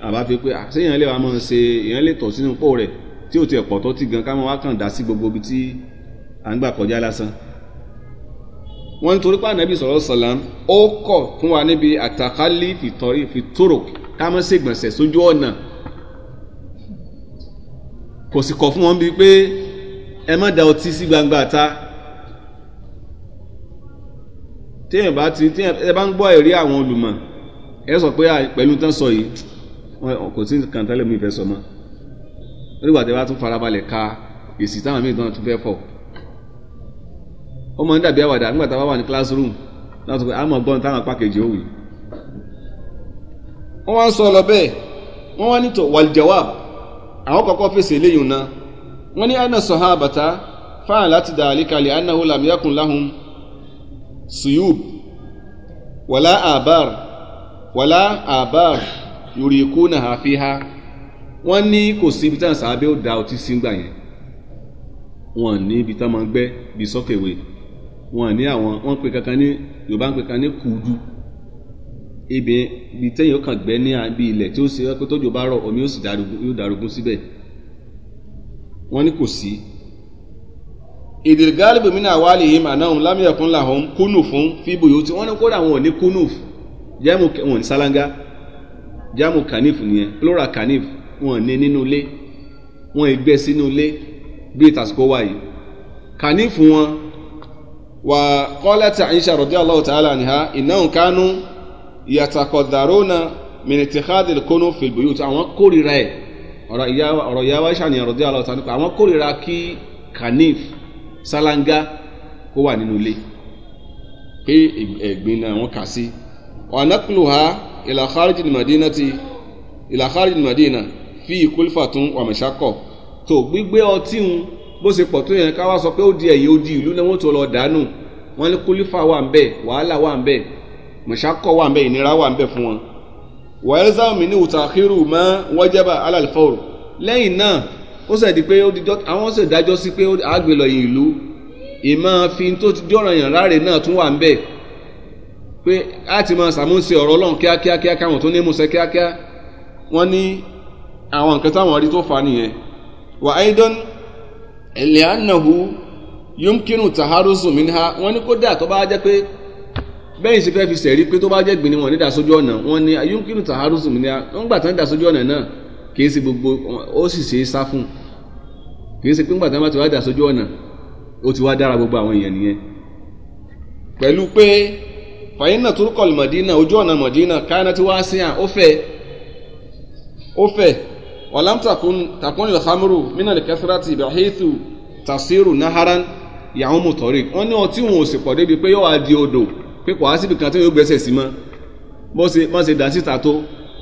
àbá fi pé àṣẹ ah, èèyàn lè wà mọ̀ ṣe èèyàn lè tọ̀ sínú pọ̀ rẹ̀ tí ò tiẹ̀ pọ̀ tó ti gan ká wá kàn dà sí gbogbo ibi tí à ń gbà kọjá lásán wọ́n ní torí pé ànábì sọ̀rọ̀ sàlám ó kọ̀ fún wa níbi àtàkálí fìtọ́rí fìtòrò ká má ṣe gbọ̀nsẹ̀ sójú ọ̀nà kò sì kọ̀ fún wọn bíi pé ẹ má da ọtí sí gbangba ta téèyàn bá ti téèyàn ẹ bá ń gbọ́ ẹ̀rí àwọn olùmọ̀ ẹ sọ pé pẹ̀lú tán sọ yìí kò sí kàńtálẹ̀ mi ìfẹ́ sọ mọ́ nígbà tí wọ́n bá tún farabalẹ̀ ka èsì táwọn míì tán tún fẹ́ fọ̀ ó mọ nídàbí àwàdà nígbà tá a bá wà ní classroom láti pé àmọ́ gbọ́n táwọn pàkejì ó wì. wọ́n wá ń sọ ọ lọ bẹ́ẹ̀ wọ́n wá nítọ̀ wàlìjẹ́wàb àwọn kọ̀ọ̀kan fèsì eléyìí ná wọ́n ní àna sọ̀há àbàtà fáàn láti dà àlékalẹ̀ àna ó làm yẹ́kùn láhùn suyub wàlá àbár wàlá àbár yorùkú náà àfihà wọ́n ní kò sí ibi táwọn sàábẹ́ ó da ọtí sí gbà yẹn wọ́n ní ibi táwọn gbẹ́ bíi sọ́kèwé. So wọn ní àwọn wọn pe kankan ní yorùbá ń pe kankan ní kùdù ibẹ̀ ibi tẹ́yìn ó kàn gbẹ́ ní àbí ilẹ̀ tí ó ṣe pé tójò bá rọ̀ omi ó sì darúgún síbẹ̀ wọ́n ní kò sí ìdìrgálìbì mí náà wálé yìí màá náà lámì ẹ̀kún làwọn kúnù fún fíbù yòó tí wọ́n ní kódà wọn ò ní kúnù jáàmù wọn ní sálángá jáàmù kanif nìyẹn plural kanif wọn ní nínú ilé wọn ìgbẹ́ sínú ilé bíi tàsíkó wáyé kanif wọn وقالت عائشة رضي الله تعالى عنها إنهم كانوا يتقدرون من اتخاذ الكنوف في البيوت àwọn kórìíra ẹ̀ ọ̀rọ̀ ìyá wa ṣàníyàn rọ̀dí àlọ́ ta nípa àwọn kórìíra kí kanif ṣáláńgá kó wà nínú ilé pé ẹ̀gbin náà wọ́n kà sí. ọ̀nàkùlùhà ìlàkárìjì nìmọ̀dínà ti ìlàkárìjì nìmọ̀dínà fi ìkúlífà tún wàmẹ̀ṣákọ̀ tó gbígbé ọtí bó ṣe pọ̀ tó yẹn ká wá sọ pé ó di ẹ̀yẹ odi ìlú náà wọ́n tó lọ dànù wọ́n ní kúlífà wà ń bẹ̀ wàhálà wà ń bẹ̀ mọ̀ṣákọ̀ wà ń bẹ̀ ìnira wà ń bẹ̀ fún wọn. wàhálà mi ní ùtàkìrù mọ́ wọ́jẹ́bà alàlfọ́ọ̀rù lẹ́yìn náà ó sì di pé àwọn sì dájọ́ sí pé àgbélọ̀yìn ìlú ìmọ̀ fi tó ti dọ́rọ̀ yàn ráre náà tún wà ń bẹ̀ pé á ti máa ṣàmúnṣe ọ̀rọ̀ ọlọ́run kíákíá kíá káwọn tó ní musẹ kíákíá wọ́n ní àwọn nǹkan táwọn rí tó fà nìyẹn wà áyídọ́nù ẹ̀lẹ́ànàhù yomkinu taharusu minha wọ́n ní kódà tó bá jẹ́ pé bẹ́yìn ṣe fẹ́ fi sẹ̀rí pé tó bá jẹ́ gbìn ni wọ́n ní ìdásójú ọ̀nà soju ona yomkinu taharusu minha wọ́n gbà tán ìdásójú ọ̀nà náà ṣe gbogbo ó sì ṣe é sá fún kìí ṣe pé ńgbà tán bá ti wá ọ̀nà ó ti wá dára gbogbo àwọn èèyàn nìyẹn pẹ̀lú pé fàyínà mọ̀dínà ojú ọ̀nà mọ̀dínà káyánà ti wá sí à walam takun takun ilhamuru mina likasirati bahithu tasiru naharan yahoo motorik wọn ní ọtí wọn ò sì pọ̀ débi pé yóò wá di odò pé kò á síbi kan tí wọn yóò gbẹ́sẹ̀ sí mọ́ bó ṣe má ṣe dà síta tó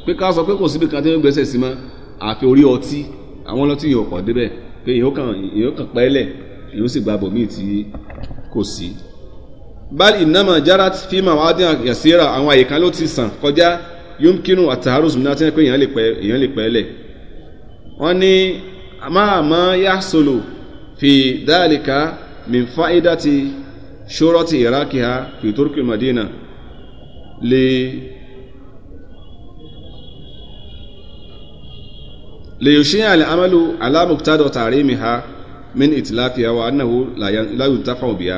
pé ká sọ pé kò síbi kan tí wọn yóò gbẹ́sẹ̀ sí mọ́ àfi orí ọtí àwọn ọlọ́tí yóò pọ̀ débẹ̀ pé yóò kàn yóò kàn pẹ́ẹ́lẹ̀ yóò sì gba bal inama jarat fima wadin yasira àwọn àyíká ló ti sàn kọjá yomkinu àtàrùsùn náà tí wọn pé èèyàn wọ́n ní àmàmà yasolo fi dáàlìkà min fa'idati ṣòrọ́tì iraqiha fi turki madina lè lè yòṣíyàn al'amalu alámùktádọ̀ tààrí mi ha min ìtìláfíà wa annahu láyùn tafa biya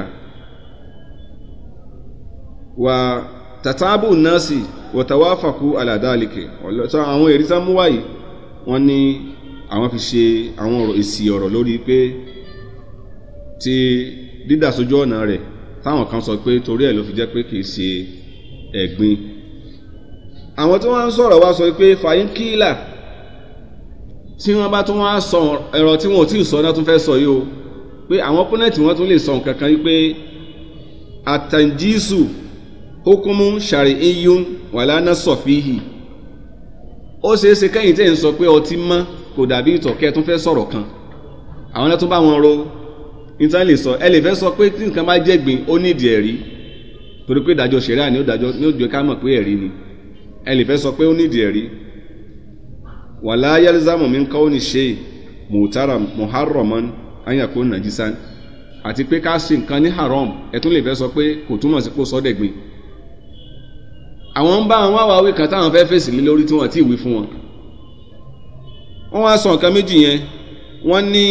wa tàtàbù nasi wa tawafaku ala dhalika ọ̀lọ́tọ̀ àwọn èrí sánmúwáyìí wọ́n ní àwọn fi ṣe àwọn ọ̀rọ̀ èsì ọ̀rọ̀ lórí pé ti dídà sójú ọ̀nà rẹ̀ táwọn kan sọ pé torí ẹ̀ ló fi jẹ́ pé kì í ṣe ẹ̀gbin àwọn tí wọ́n ń sọ̀rọ̀ wá sọ pé fàyínkìlà tí wọ́n bá tún wá sọ ẹ̀rọ tí wọn ò tí ì sọ náà tún fẹ́ sọ yìí o pé àwọn opponent wọn tún lè sọ nǹkan kan yìí pé àtàǹjísù hukumu shari'iyun wàlánà sọ̀fíhì ó ṣeé kẹ́yìn tẹ̀ ń sọ pé ọtí mọ́ kò dàbí ìtọ̀kẹ́ tó fẹ́ sọ̀rọ̀ kan àwọn ẹlẹ́tún bá wọn ro níta lè sọ ẹ lè fẹ́ sọ pé tí nǹkan bá jẹ̀gbìn ó nídìí ẹ̀rí torí pé ìdájọ́ ṣẹ̀ríà ni ó dájọ́ ni ó jẹ́ ká mọ̀ pé ẹ̀rí ni ẹ lè fẹ́ sọ pé ó nídìí ẹ̀rí wàlá yálízámù mi ń kọ́ ní ṣe mùtárà muharraman ayàkó nàjísán àti pé ká sí nǹkan ní haram ẹ tún lè fẹ́ sọ pé kò túmọ̀ sí kó sọ́dẹ̀gbìn àwọn ń bá àwọn àwáwí kan táwọn fẹ́ fèsì lé lórí tí wọ́n ti wí fún wọn wọ́n wá sọ nǹkan méjì yẹn wọ́n ní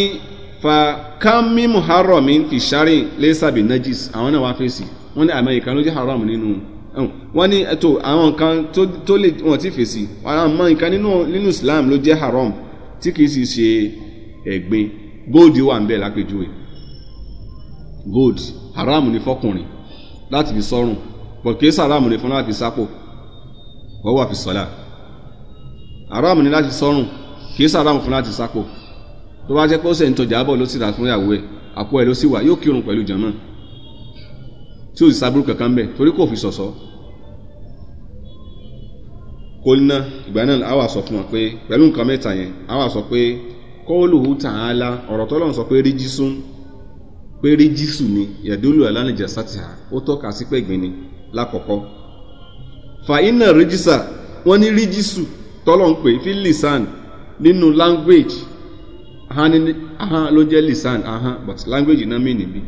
fa kámi muharram fi sáré lẹ́sàbí najis àwọn náà wá fèsì wọ́n ní àmọ́ ìkan ló jẹ́ haram nínú wọ́n ní ẹ̀tọ́ àwọn nǹkan tó lè wọ́n ti fèsì àmọ́ ìkan nínú islam ló jẹ́ haram tí kìí sì ṣe ẹ̀gbin gold wà ń bẹ̀ lápèjúwe gold haram ni fọkùnrin láti fi sọ́rùn but kìí sàrámù ni fún láti fi sápò wọ́n wà fi sọ́lá haram ni láti sọ́rùn kì í sàrámù fún láti sápò tó bá jẹ́ pé ó sì ń tọjà bọ̀ ló sì rà fún ìyàwó ẹ̀ àpò ẹ̀ ló sì wà yóò kírun pẹ̀lú jàmá tí ò sì sábúrú kankan bẹ̀ torí kò fi sọ̀sọ́ kó ná ìgbà náà á wà sọ fún wọn pé pẹ̀lú nǹkan mẹ́ta yẹn á wà sọ pé kọ́ọ̀lùhù tààlà ọ̀rọ̀ tọ́lọ́run sọ pé ríjísún pé ríjísù ni yẹ̀dúlù alánìjà sátìhà ó tọ́ka sí pẹ̀gbin ni lákọ̀ọ́kọ́ fa iná ríjísà wọ́n ní ríjísù tọ́lọ́ ń pè fi lisan nínú language ahan ni ahan ló jẹ́ lisan ahan but language náà mí níbí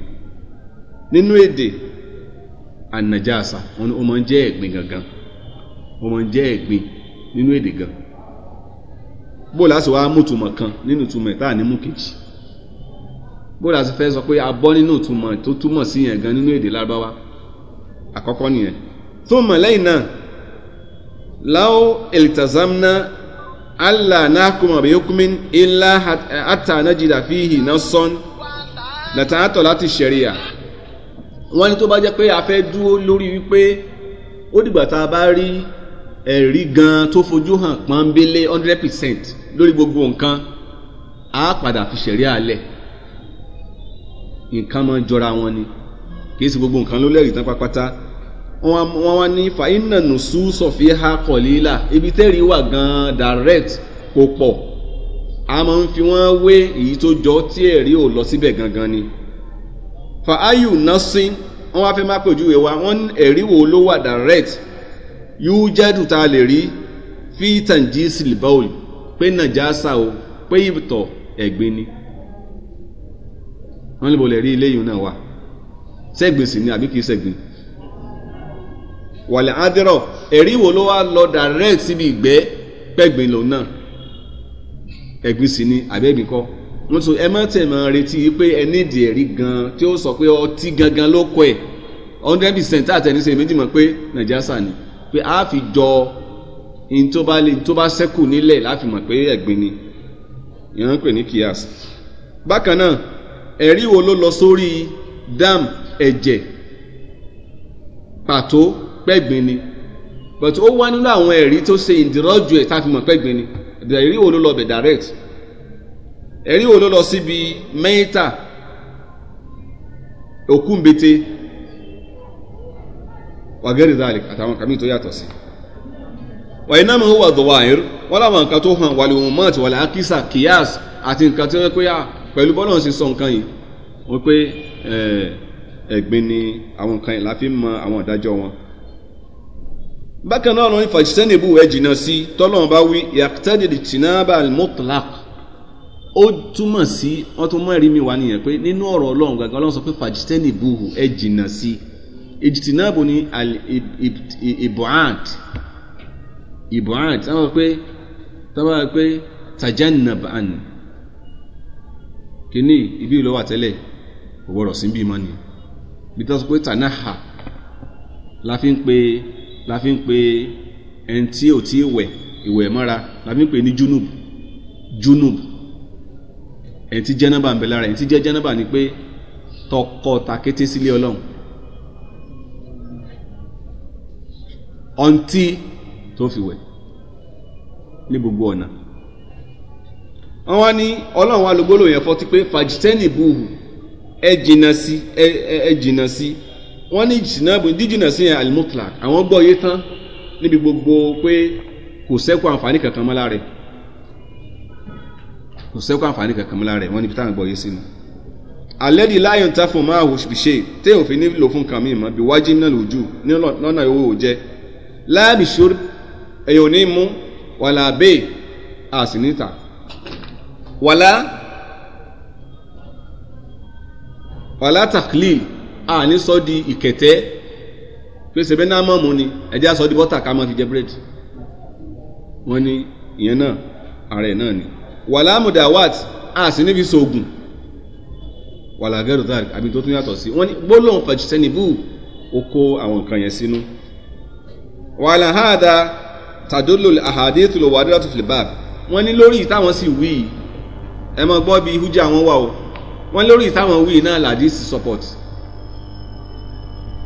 nínú èdè ànàjáàsà wọn ó máa ń jẹ́ ẹ̀gbin gangan ó máa ń jẹ́ ẹ̀gbin nínú èdè gan bóòlù àti wàá mú ìtumọ̀ kan nínú ìtumọ̀ ìta ní mú kejì bóòlù àti fẹ́ sọ pé a bọ́ nínú ìtumọ̀ tó túmọ̀ sí yẹn gan nínú èdè lárúbáwá àkọ́kọ́ nìyẹn tó mọ̀ lẹ́yìn náà láwọ́ elitazamna allah nahkuma bi hukmin illa hatta najida fihi nasan latanato láti sharia wọ́n ní tó bá jẹ́ pé a fẹ́ dúró lórí wípé ó dìgbà tá a bá rí ẹ̀rí gan tó fojú hàn pọ́nbélé hundred percent lórí gbogbo nǹkan á padà fi sharia lẹ̀ nǹkan máa jọra wọn ni kì í sì gbogbo nǹkan ló lẹ́rìí tán pátápátá wọ́n wá ní fàínà nùsú sọ̀fíà kọ̀lílà ibi tẹ́rì wà gan-an direct kò pọ̀ a máa ń fi wọ́n wé èyí tó jọ tí ẹ̀rí ò lọ síbẹ̀ gangan ni fàáyù nọ́sí wọ́n wá fẹ́ má pèjúwe wa wọ́n ẹ̀rí wo ló wà direct yóò jẹ́dù tá a lè rí fi tàǹjì sílìbọ́ọ̀lì pé nàjàsà o pé ìtọ̀ ẹ̀gbin ni wọ́n lè bọ̀ lè rí eléyìí náà wà sẹ́gbin sì ni àbí kì í sẹ́gbin wàlẹ̀ adìrọ̀ ẹ̀rí wo ló wá lọ direct síbi ìgbẹ́ pẹ̀gbìn lòun náà ẹ̀gbìn sì ni àbẹ́gbìn kọ́ wọ́n tún ẹ má tẹ̀ máa retí pé ẹ nídìí ẹ̀rí gan-an tí ó sọ pé ọtí gangan ló kọ ẹ̀ hundred percent àtẹnisẹ̀ méjì mọ̀ pé nàìjíríà ni pé a fi jọ in tó bá lè tó bá sẹ́kù nílẹ̀ láfi mọ̀ pé ẹ̀gbìn ni ìyẹn ń pè ní kíyàs. bákan náà ẹ̀rí wo ló lọ sórí dam ẹ̀jẹ̀ pàtó pẹ́gbin ni but ó wá nínú àwọn ẹ̀rí tó ṣe ìdírọ́jú ẹ̀ tá a fi mọ̀ pẹ́gbin ni ẹ̀rí wo ló lọ bẹ̀ direct ẹ̀rí wo ló lọ síbi mẹ́ta òkúńbete wàgẹ́rì dàlẹ̀ àtàwọn kàmí tó yàtọ̀ sí wàyí náà mọ̀ wà dọ̀wà àìrí wọ́n láwọn nǹkan tó hàn wàlẹ̀ òun mọ́ọ̀tì wàlẹ̀ akísà kíyàs àti nǹkan tí wọ́n ah, pẹ̀lú bọ́lọ̀ ṣe sọ nǹkan eh, bákan náà lọ́rin fàṣẹ́nìbù ẹ̀ jìnnà sí tọ́lọ́run bá wí yàtẹ́dìdì tìǹbà mutlaq ó túmọ̀ sí wọ́n tún mọ́ ẹ̀rí mi wá nìyẹn pé nínú ọ̀rọ̀ ọlọ́run gàgà ọlọ́run sọ pé fàṣẹ́nìbù ẹ̀ jìnnà sí ìjìtìǹbù ni ìbùhàd ìbùhàd táwọn sọ pé táwọn sọ pé tajannab an kìíní ibi ìlú wà tẹ́lẹ̀ òwòrọ̀ sí bí mọ́ ni bí tó sọ pé tanaha la fi ń pe la fi ń pe ẹni tí ò tí wẹ̀ ìwẹ̀ mọ́ra la fi ń pe ní junub junub ẹni tí jẹ́nàbà ń bẹ lára ẹni tí jẹ́ jẹ́nàbà ni pé tọkọ takété sílé ọlọ́run ọ̀ntí tó fi wẹ̀ ní gbogbo ọ̀nà wọ́n wá ní ọlọ́run wa lògbólò yẹn fọ́ ti pé fàjítẹ́nì buhu ẹ jìnnà sí ẹ jìnnà sí wọ́n ní ìsìnàbù díjìnà sí alimutlak àwọn gbọ́ yé tán níbi gbogbo pé kò sẹ́kù àǹfààní kankan mọ́ láre kò sẹ́kù àǹfààní kankan mọ́ láre wọ́n níbi táwọn gbọ́ yé sínú. àlẹ́dì láyọ̀n tá fún máa ṣe tẹ́ òfin nílò fún nǹkan mi mọ́ bí wájú náà lójú lọ́nà owó ò jẹ́ láàbì ṣòro èyàn ní mú wàlà bẹ́ẹ̀ àsìníta wàlà wàlà tàkìlì àní sọ di ìkẹ̀tẹ́ pèsè bẹ́ẹ̀ náà mọ̀mú ni ẹ̀jẹ̀ sọ di bọ́tà ká máa fi jẹ búrẹ́dì wọ́n ní ìyẹn náà ààrẹ náà ni wàlámùdà wat àsì níbi sògùn wàlàgẹ́rù dàrí àbí tó tún yàtọ̀ sí wọ́n ní gbólóhùn fẹ̀jìsẹ́nìbù ó kó àwọn nǹkan yẹn sínú wàhálà hàdà tàdólò àhàdé tùlò wàdúrà tó fìlìbà wọ́n ní lórí ìtàwọn sì wí ẹ mọ gbọ́ bí hújà wọn wà o wọ́n lórí ìtàwọn wí náà làdí sí support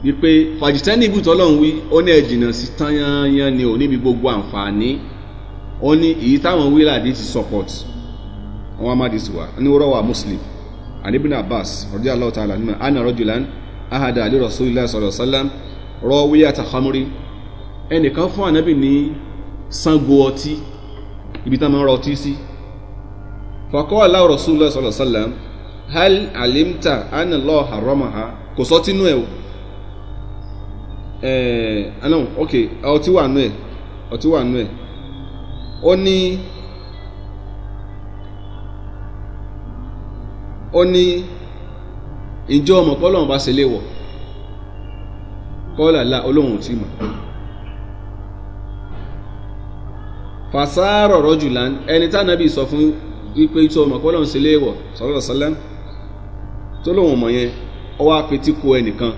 wípé fàjìtẹ́nì ibùtọ́ lọ́hùn wí ó ní ẹ̀jìnà sí tányányán ni ò níbi gbogbo àǹfààní ó ní èyí táwọn wíìlàdì ti support àwọn amadisi wa ní rọwà muslim anibina abbas rọdí aláwọ tààlà nínú anna rọjùlán ahada ali rasulillah sallallahu alaihi wasallam rọ wíyà tàhámúrí ẹnìkan fún ànábì ní sango ọtí ibi tá a máa ń rọtí sí fakọ́ aláwọ rasulillah sallallahu alaihi wasallam hal alimta anna lọ́ọ̀ haramaha kò sọ́tínú ẹ̀ o ẹ̀ẹ́n eh, àná ok ọtí wà nù ẹ̀ ọtí wà nù ó ní ó ní ìjọ ọmọ bá ṣe léwọ̀ olóhùn tí sọ fún wípé tó ọmọ pé ọlọ́run ṣe léwọ̀ sọ́lọ́sọ́lá tó lóhùn yẹn ọwọ́ kó ẹnìkan.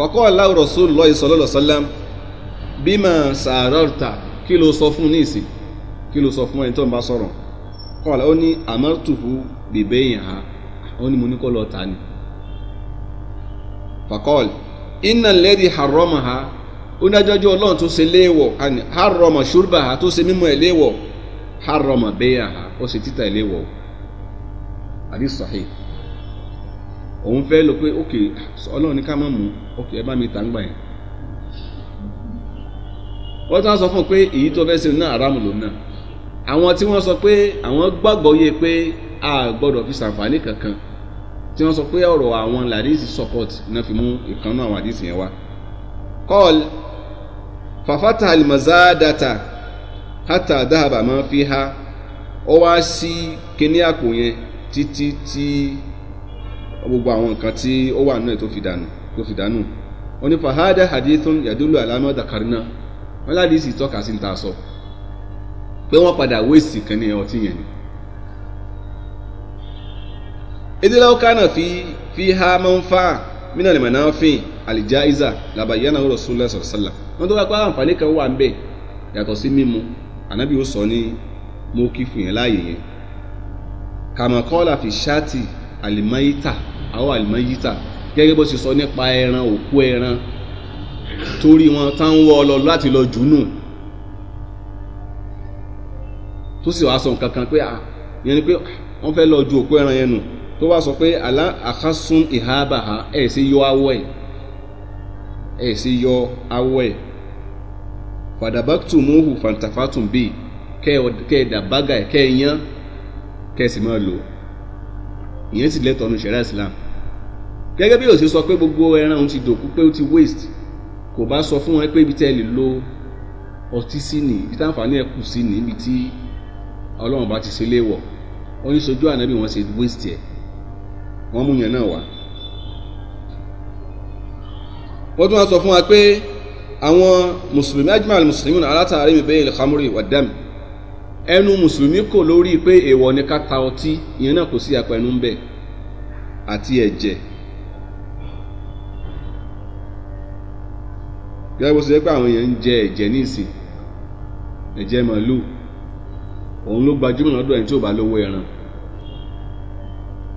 fọkọ́ aláwòrán sóòlù lọ́ọ́ ìsọ̀lọ́ lọ́sọ́lám bímọ sàárọ̀tà kí ló sọ fún níìsì kí ló sọ fún ẹni tó ń bá sọ̀rọ̀ kọ́ọ̀lá ó ní àmọ́tòkù bèbè yìí ha ó ní mo ní kó lọ tà ní. fọkọ́ọ̀l iná lẹ́dí harọ́mà ha ó ní adájọ́ ọlọ́run tó ṣe léèwọ̀ harọ́mà ṣùrbà ha tó ṣe mímọ́ ẹ̀ léèwọ̀ harọ́mà bẹ́yà ha ó ṣe títà ẹ̀ léèwọ̀ àdìsọ̀hìn òun fẹ́ lọ pé ok ọlọ́run ní ká má mú ok ẹ bá mi tà ń gbà yẹn wọ́n tán sọ fún un pé èyí tó fẹ́ náà aráàmù lòun náà àwọn tí wọ́n sọ pé àwọn gbàgbọ́ pé a gbọ́dọ̀ fi ṣàǹfààní kankan tí wọ́n sọ pé ọ̀rọ̀ àwọn làdíìsì support náà fi mú ìkànnà àwọn àdíìsì yẹn wá kọ́ọ̀l fàfàtà hátà dáhàbà fi ha ọ wá sí kíní yẹn títí tí. gbogbo àwọn nǹkan tí ó wà náà tó fi dànù tó fi dànù ó ní fahada hadithun yadulu alama dakarina wọn láti sì tọ́ka sí ta sọ pé wọ́n padà wéèsì kan ní ọtí yẹn ni. edilawo kana fi fi ha máa ń fa mina lè mọ̀nà fin alijaiza labayana rasulullah sallallahu alaihi wasallam wọn tó wá pé àǹfààní kan wà ń bẹ yàtọ̀ sí mímu ànábì ó sọ ní mo kí fún yẹn láàyè yẹn kàmọ́kọ́lá fi ṣáàtì àlìmáyítà àwọn àlùmọ́yítà gẹ́gẹ́ bó ṣe sọ nípa ẹran òkú ẹran torí wọn táwọn wọ́ ọ lọ láti lọ jù nù tó sì wá sọ nǹkan kan pé ìyẹn ni pé wọ́n fẹ́ lọ ju òkú ẹran yẹn nù tó wá sọ pé àlá àkásùn ìhábàá ẹ̀ sì yọ awọ ẹ̀ ẹ̀ sì yọ awọ ẹ̀ fàdàbàtù múhù fàǹtàfàtù bíi kẹ́ ẹ̀ dàbágà ẹ̀ kẹ́ ẹ̀ yán kẹ́ ẹ̀ sì máa lò ó ìyẹn sì lẹ́tọ̀ọ́ nu ṣẹ̀rá islam gẹ́gẹ́ bí òsì sọ pé gbogbo ẹran òun ti dòkú pé ó ti waste kò bá sọ fún wọn pé ibi tẹ́ ẹ lè lo ọtí sí ni ibi tí àǹfààní ẹ kù sí ni ibi tí ọlọ́run bá ti ṣe léèwọ̀ wọ́n ní sojú ànábì wọ́n ṣe waste ẹ̀ wọ́n mú yẹn náà wá. wọ́n tún wá sọ fún wa pé àwọn mùsùlùmí ajímọ̀ àlùmùsùlùmí aláta àrími bẹ́ẹ̀ lè khamri wà dẹ́mi ẹnu mùsùlùmí kò lórí pé èèwọ̀ ni ká ta ọtí ìyẹn náà kò sí apẹnu ń bẹ àti ẹ̀jẹ̀ gẹ́gẹ́ bó ṣe jẹ́ pé àwọn èèyàn ń jẹ ẹ̀jẹ̀ ní ìsìn ẹ̀jẹ̀ màlúù òun ló gbajúmọ̀ lọ́dọ̀ ẹni tí ò bá lówó ẹran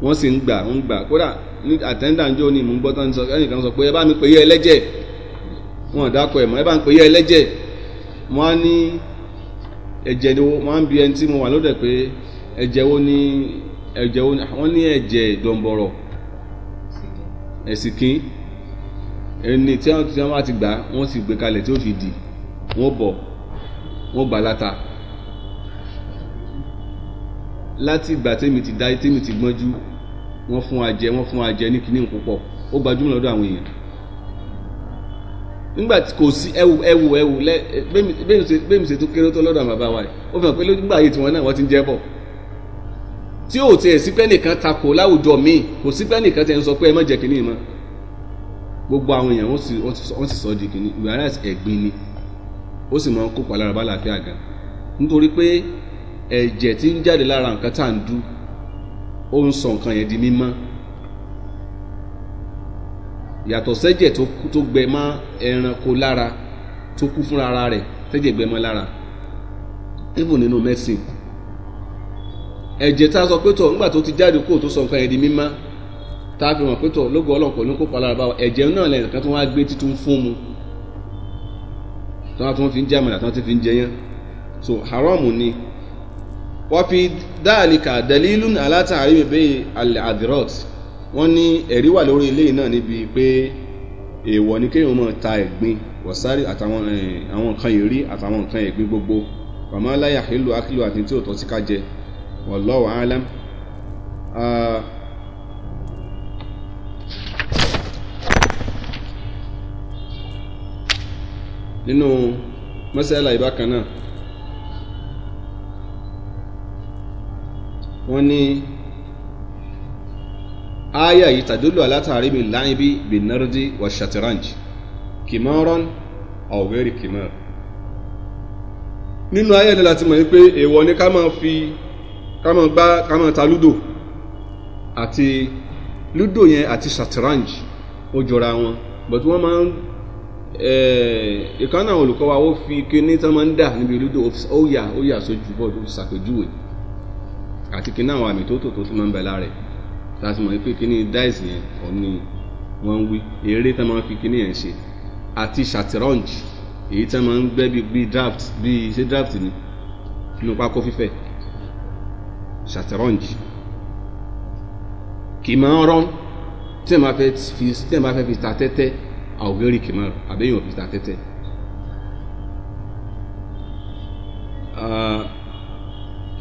wọ́n sì ń gbà ń gbà kódà ní àtẹ́ńdà ni mò ń gbọ́ tán sọ ẹnìkan sọ pé ẹ bá mi pè é ẹlẹ́jẹ̀ wọn ò dákọ̀ ẹ̀ mọ́ ẹ bá mi pè é ẹlẹ́jẹ̀ wọ́n á ní ẹ̀jẹ̀ ni wọ́n ń bi ẹni tí mo wà lọ́dẹ̀ pé ẹ̀jẹ̀ wo ni ẹ̀jẹ̀ wo ni wọ́n ní ẹ̀jẹ̀ ìdọ̀nbọ̀rọ̀ ẹ̀sìnkín ẹni tí wọ́n ti wá ti gbà wọ́n sì gbé kalẹ̀ tí ó fi dì wọ́n bọ̀ wọ́n gbà láta láti ìgbà tèmi ti dá tèmi ti gbọ́njú wọ́n fún wa jẹ wọ́n fún wa jẹ ní kinní púpọ̀ ó gbajúmọ̀ lọ́dọ̀ àwọn èèyàn nígbà ti ko si ewu ẹwù ẹwù lẹ bẹ́ẹ̀ ṣe tó kéré tó lọ́dọ̀ bàbá wa yìí ó fi hàn pé yìí tiwọn ti ń jẹ́ bọ̀ tí ò tiẹ̀ sí pé nìkan takò láwùjọ míì kò sí pé nìkan tẹ̀ ń sọ pé ẹ má jẹ kínní gbogbo àwọn èèyàn wọ́n sì sọ di kínní ìgbàlá ni ó sì máa ń kópa lára bá làáfíà gan nítorí pé di mímọ́ yàtọ̀ sẹ́jẹ̀ tó gbẹ mọ́ ẹranko lára tó kú fúnra ara rẹ̀ sẹ́jẹ̀ gbẹ mọ́ lára even nínú medicine ẹ̀jẹ̀ tá a sọ pé tọ̀ nígbà tó ti jáde kó tó sọ nǹkan yẹn di mímá tá a fi hàn pé tọ̀ lógo ọlọ́run pẹ̀lú kópa lára báwa ẹ̀jẹ̀ náà lẹ́yìn kan tó wá gbé títún fún mu tí wọ́n tún fi ń jẹ́ àmàlà tí wọ́n ti fi ń jẹyán so haram ni wọ́n fi dáàlì kà dalilun alátàrí bèbè alẹ́ àdìrọ́tì wọ́n ní ẹ̀rí wà lórí eléyìí náà níbi pé èèwọ̀ ni kéèyàn máa ta ẹ̀gbin wọ̀sárì àtàwọn àwọn nǹkan ìrí àtàwọn nǹkan ẹ̀gbin gbogbo màmá láyà ìlú akílù àti tí ò tọ́ sí ká jẹ wallahu alam. nínú mọ́sálà ìbákan náà wọ́n ní aya yìí tàdúlù alátàrí mi láyìnbí binardi wa shataranj kìmọ́rán ọ̀wẹ́rì kìmọ́r. nínú aya yìí láti mọ̀ wípé èèwọ̀ ni ká máa fi ká máa gbá ká máa ta lúdò àti lúdò yẹn àti shataranj ó jọra wọn but wọ́n máa ń eh, ìkan náà olùkọ́ wa ó fi kíní tán máa ń dà níbi lúdò ó yà ó yà sójú bọ́ọ̀dù ṣàpèjúwe àti kíní àwọn àmì tó tò tó tún máa ń bẹ lára rẹ̀ láti mọ̀ pé kíní dáìsì yẹn ọ̀ ni wọ́n ń wí eré tá máa ń fi kíní yẹn ṣe àti ṣàtìrọ́ǹjì èyí tá máa ń gbẹ́ bíi draft bíi ṣé draft ni nínú pákó fífẹ̀ ṣàtìrọ́ǹjì kì í máa ń rán tí ẹ máa fẹ́ fi ta tẹ́tẹ́ àwògẹ́rì kì í máa rán àbẹ́yìn òfin ta tẹ́tẹ́.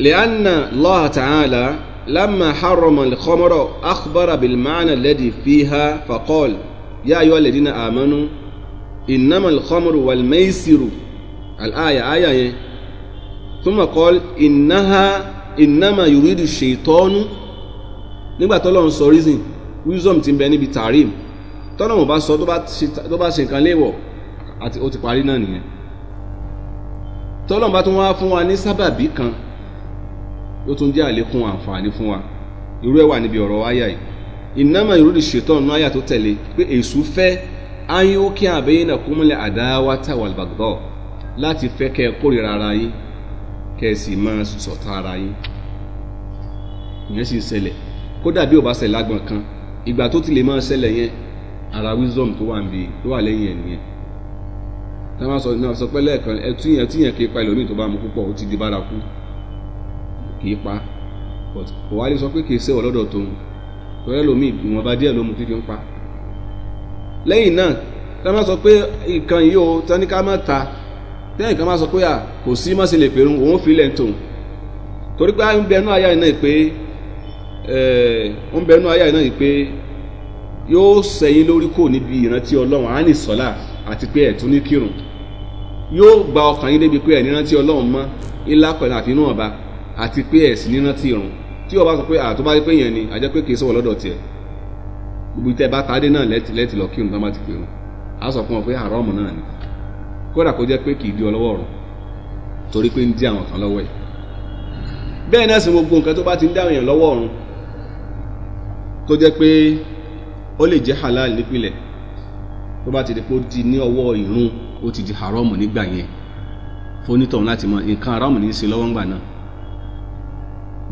لأن الله تعالى لما حرم الخمر أخبر بالمعنى الذي فيها فقال يا أيها الذين آمنوا إنما الخمر والميسر الآية آية ثم قال إنها إنما يريد الشيطان nígbà tọ́lọ́run sọ reason wisdom ti ń bẹ níbi tarim tọ́lọ́run bá sọ tó bá ṣe nǹkan léèwọ̀ àti ó ti parí náà nìyẹn tọ́lọ́run bá tún wá fún wa ní sábàbí kan ó tún jẹ́ àlékún àǹfààní fún wa irú ẹ̀ wà níbi ọ̀rọ̀ àyà yìí ìnáma ìrúdi ṣètò ọ̀nà àyà tó tẹ̀lé pé èṣù fẹ́ ayé ó kí àbẹ́yìn náà kúmúlẹ̀ àdáwà tàwàl baghdọ̀ láti fẹ́ kẹ́ ẹ kórìíra ara yín kẹ́ ẹ sì máa ṣọ̀tá ara yín ìyẹn sì ń ṣẹlẹ̀ kódà bí ò bá ṣẹlẹ̀ lágbọ̀n kan ìgbà tó ti lè máa ṣẹlẹ̀ yẹn ara wisdom tó wà níbi tó wà lẹ́yìn ẹ̀ nìyẹn táwọn sọ pé lẹ́ẹ̀kan ẹ túyẹn túyẹn kí ipa ẹlòmíì tó bá mu púpọ̀ ó ti di bárakú kì pa but kò wá lè sọ pé kì í ṣe wọ̀ lọ́dọ̀ tòun tọ́lẹ́ lomi ìwọ̀nba díẹ̀ ló mu ń pa lẹ́yìn náà ká má sọ pé nǹkan yìí o tani ká má ta tẹ́yìn ká má sọ pé à kò sí má ṣe lè pèrún òun fi lẹ̀ ń tòun torí pé ń bẹnu àyà iná ìpè ń bẹnu àyà iná ìpè yóò sẹ́yìn lórí kò níbi ìrántí ọlọ́run á ní sọ́lá àti pé ẹ̀tún ní kírun yóò gba ọkàn yín débi pé ẹ̀ nírántí ilá pẹ̀lú àfihàn ọba àti pé ẹ̀sìn níná ti rùn tí o bá sọ pé àtó bá rí pé yẹn ni àjẹ́ pé kì í sọ̀rọ̀ lọ́dọ̀ tiẹ̀ gbogbo tẹ́ bá tadé náà lẹ́tì lọ kírun tó má ti kírun á sọ fún ọ pé àrọ́ọ̀mù náà ni kódà kó jẹ́ pé kì í di ọlọ́wọ́ ọ̀run torí pé ń dí àwọn kan lọ́wọ́ ẹ̀ bẹ́ẹ̀ náà sì gbogbo nǹkan tó bá ti ń dí àwọn èèyàn lọ́wọ́ ọ̀run tó jẹ́ pé ó lè jẹ́ halal nípìnlẹ̀ tó bá ti di pé ó di ní ọwọ́ ìrun ó ti di haramu nígbà yẹn fonítọ̀hún láti mọ nǹkan haramu ní í ṣe lọ́wọ́ ńgbà náà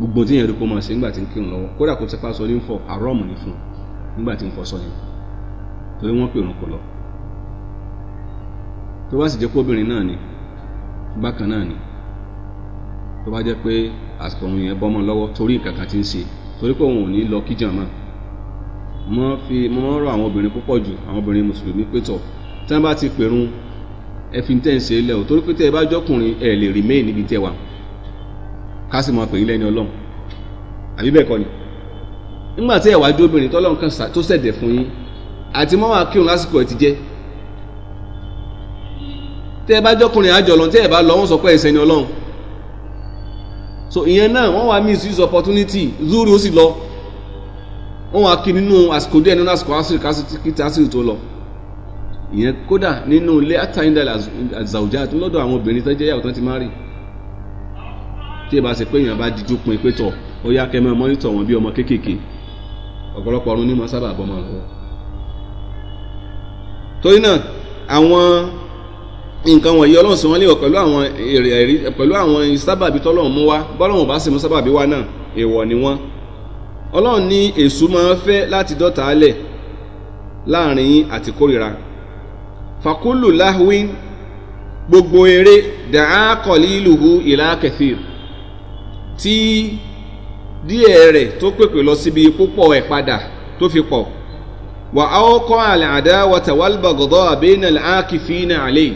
gbogbo tí yẹn rí máa ṣe nígbà tí ń kírun lọ́wọ́ kódà kó tipa sọ ní ń fọ àrọ́ọ̀mù ní fún nígbà tí ń fọ sọ yẹn torí wọ́n pè òun kò lọ tó bá sì jẹ́ kóbìnrin obìnrin náà ni bákan náà ni tó bá jẹ́ pé àsìkò òun yẹn bọ́mọ lọ́wọ́ torí nǹkan kan ti ṣe torí pé ò ní lọ kíjàn mọ́ àwọn obìnrin púpọ̀ jù àwọn obìnrin mùsùlùmí pé tí kaasị sì mọ ẹni ọlọ́run àbí bẹ́ẹ̀ kọ́ ni nígbà tí ẹ̀wà dé obìnrin tọ́lọ́run kan tó ṣẹ̀dẹ̀ fún yín àti mọ́ wàá kírun lásìkò ẹ̀ ti jẹ́ tẹ́ ẹ bá àjọ lọ tẹ́ ẹ bá lọ wọ́n sọ pé ẹ̀sẹ̀ ni ọlọ́run so ìyẹn náà wọ́n zuru ó sì lọ wọ́n kí nínú àsìkò díẹ̀ nínú àsìkò tó lọ ìyẹn kódà nínú ilé lọ́dọ̀ àwọn obìnrin tó jẹ́ ti tí ì bá ṣe pé èèyàn bá dijú pin pé tọ̀ ó yá kẹ́ máa mọ́nítọ̀ wọn bí ọmọ kéékèèké ọ̀pọ̀lọpọ̀ ọ̀run ní mọ sábà bọ́ máa lọ́wọ́. torí náà àwọn nǹkan wọ̀nyí ọlọ́run sì wọ́n léwọ̀ pẹ̀lú àwọn èrè ẹ̀rí pẹ̀lú àwọn sábàbí tọ́lọ́run mú wá bọ́lọ́run bá sì mú sábàbí wá náà èèwọ̀ ni wọ́n ọlọ́run ní èṣù máa ń fẹ́ láti dọ́ta alẹ̀ láàrin yín àti kórìíra fakulu lahwin gbogbo eré dàá kọ̀lí ìlúhu ìlà kẹfìrì tí díẹ̀ rẹ̀ tó pèpè lọ síbi púpọ̀ ẹ̀ padà tó fi pọ̀ wà á kọ́ àlẹ́ àdá wọ́tà wàlbàgọ́dọ́ àbẹ́nà àkìfínà àlẹ́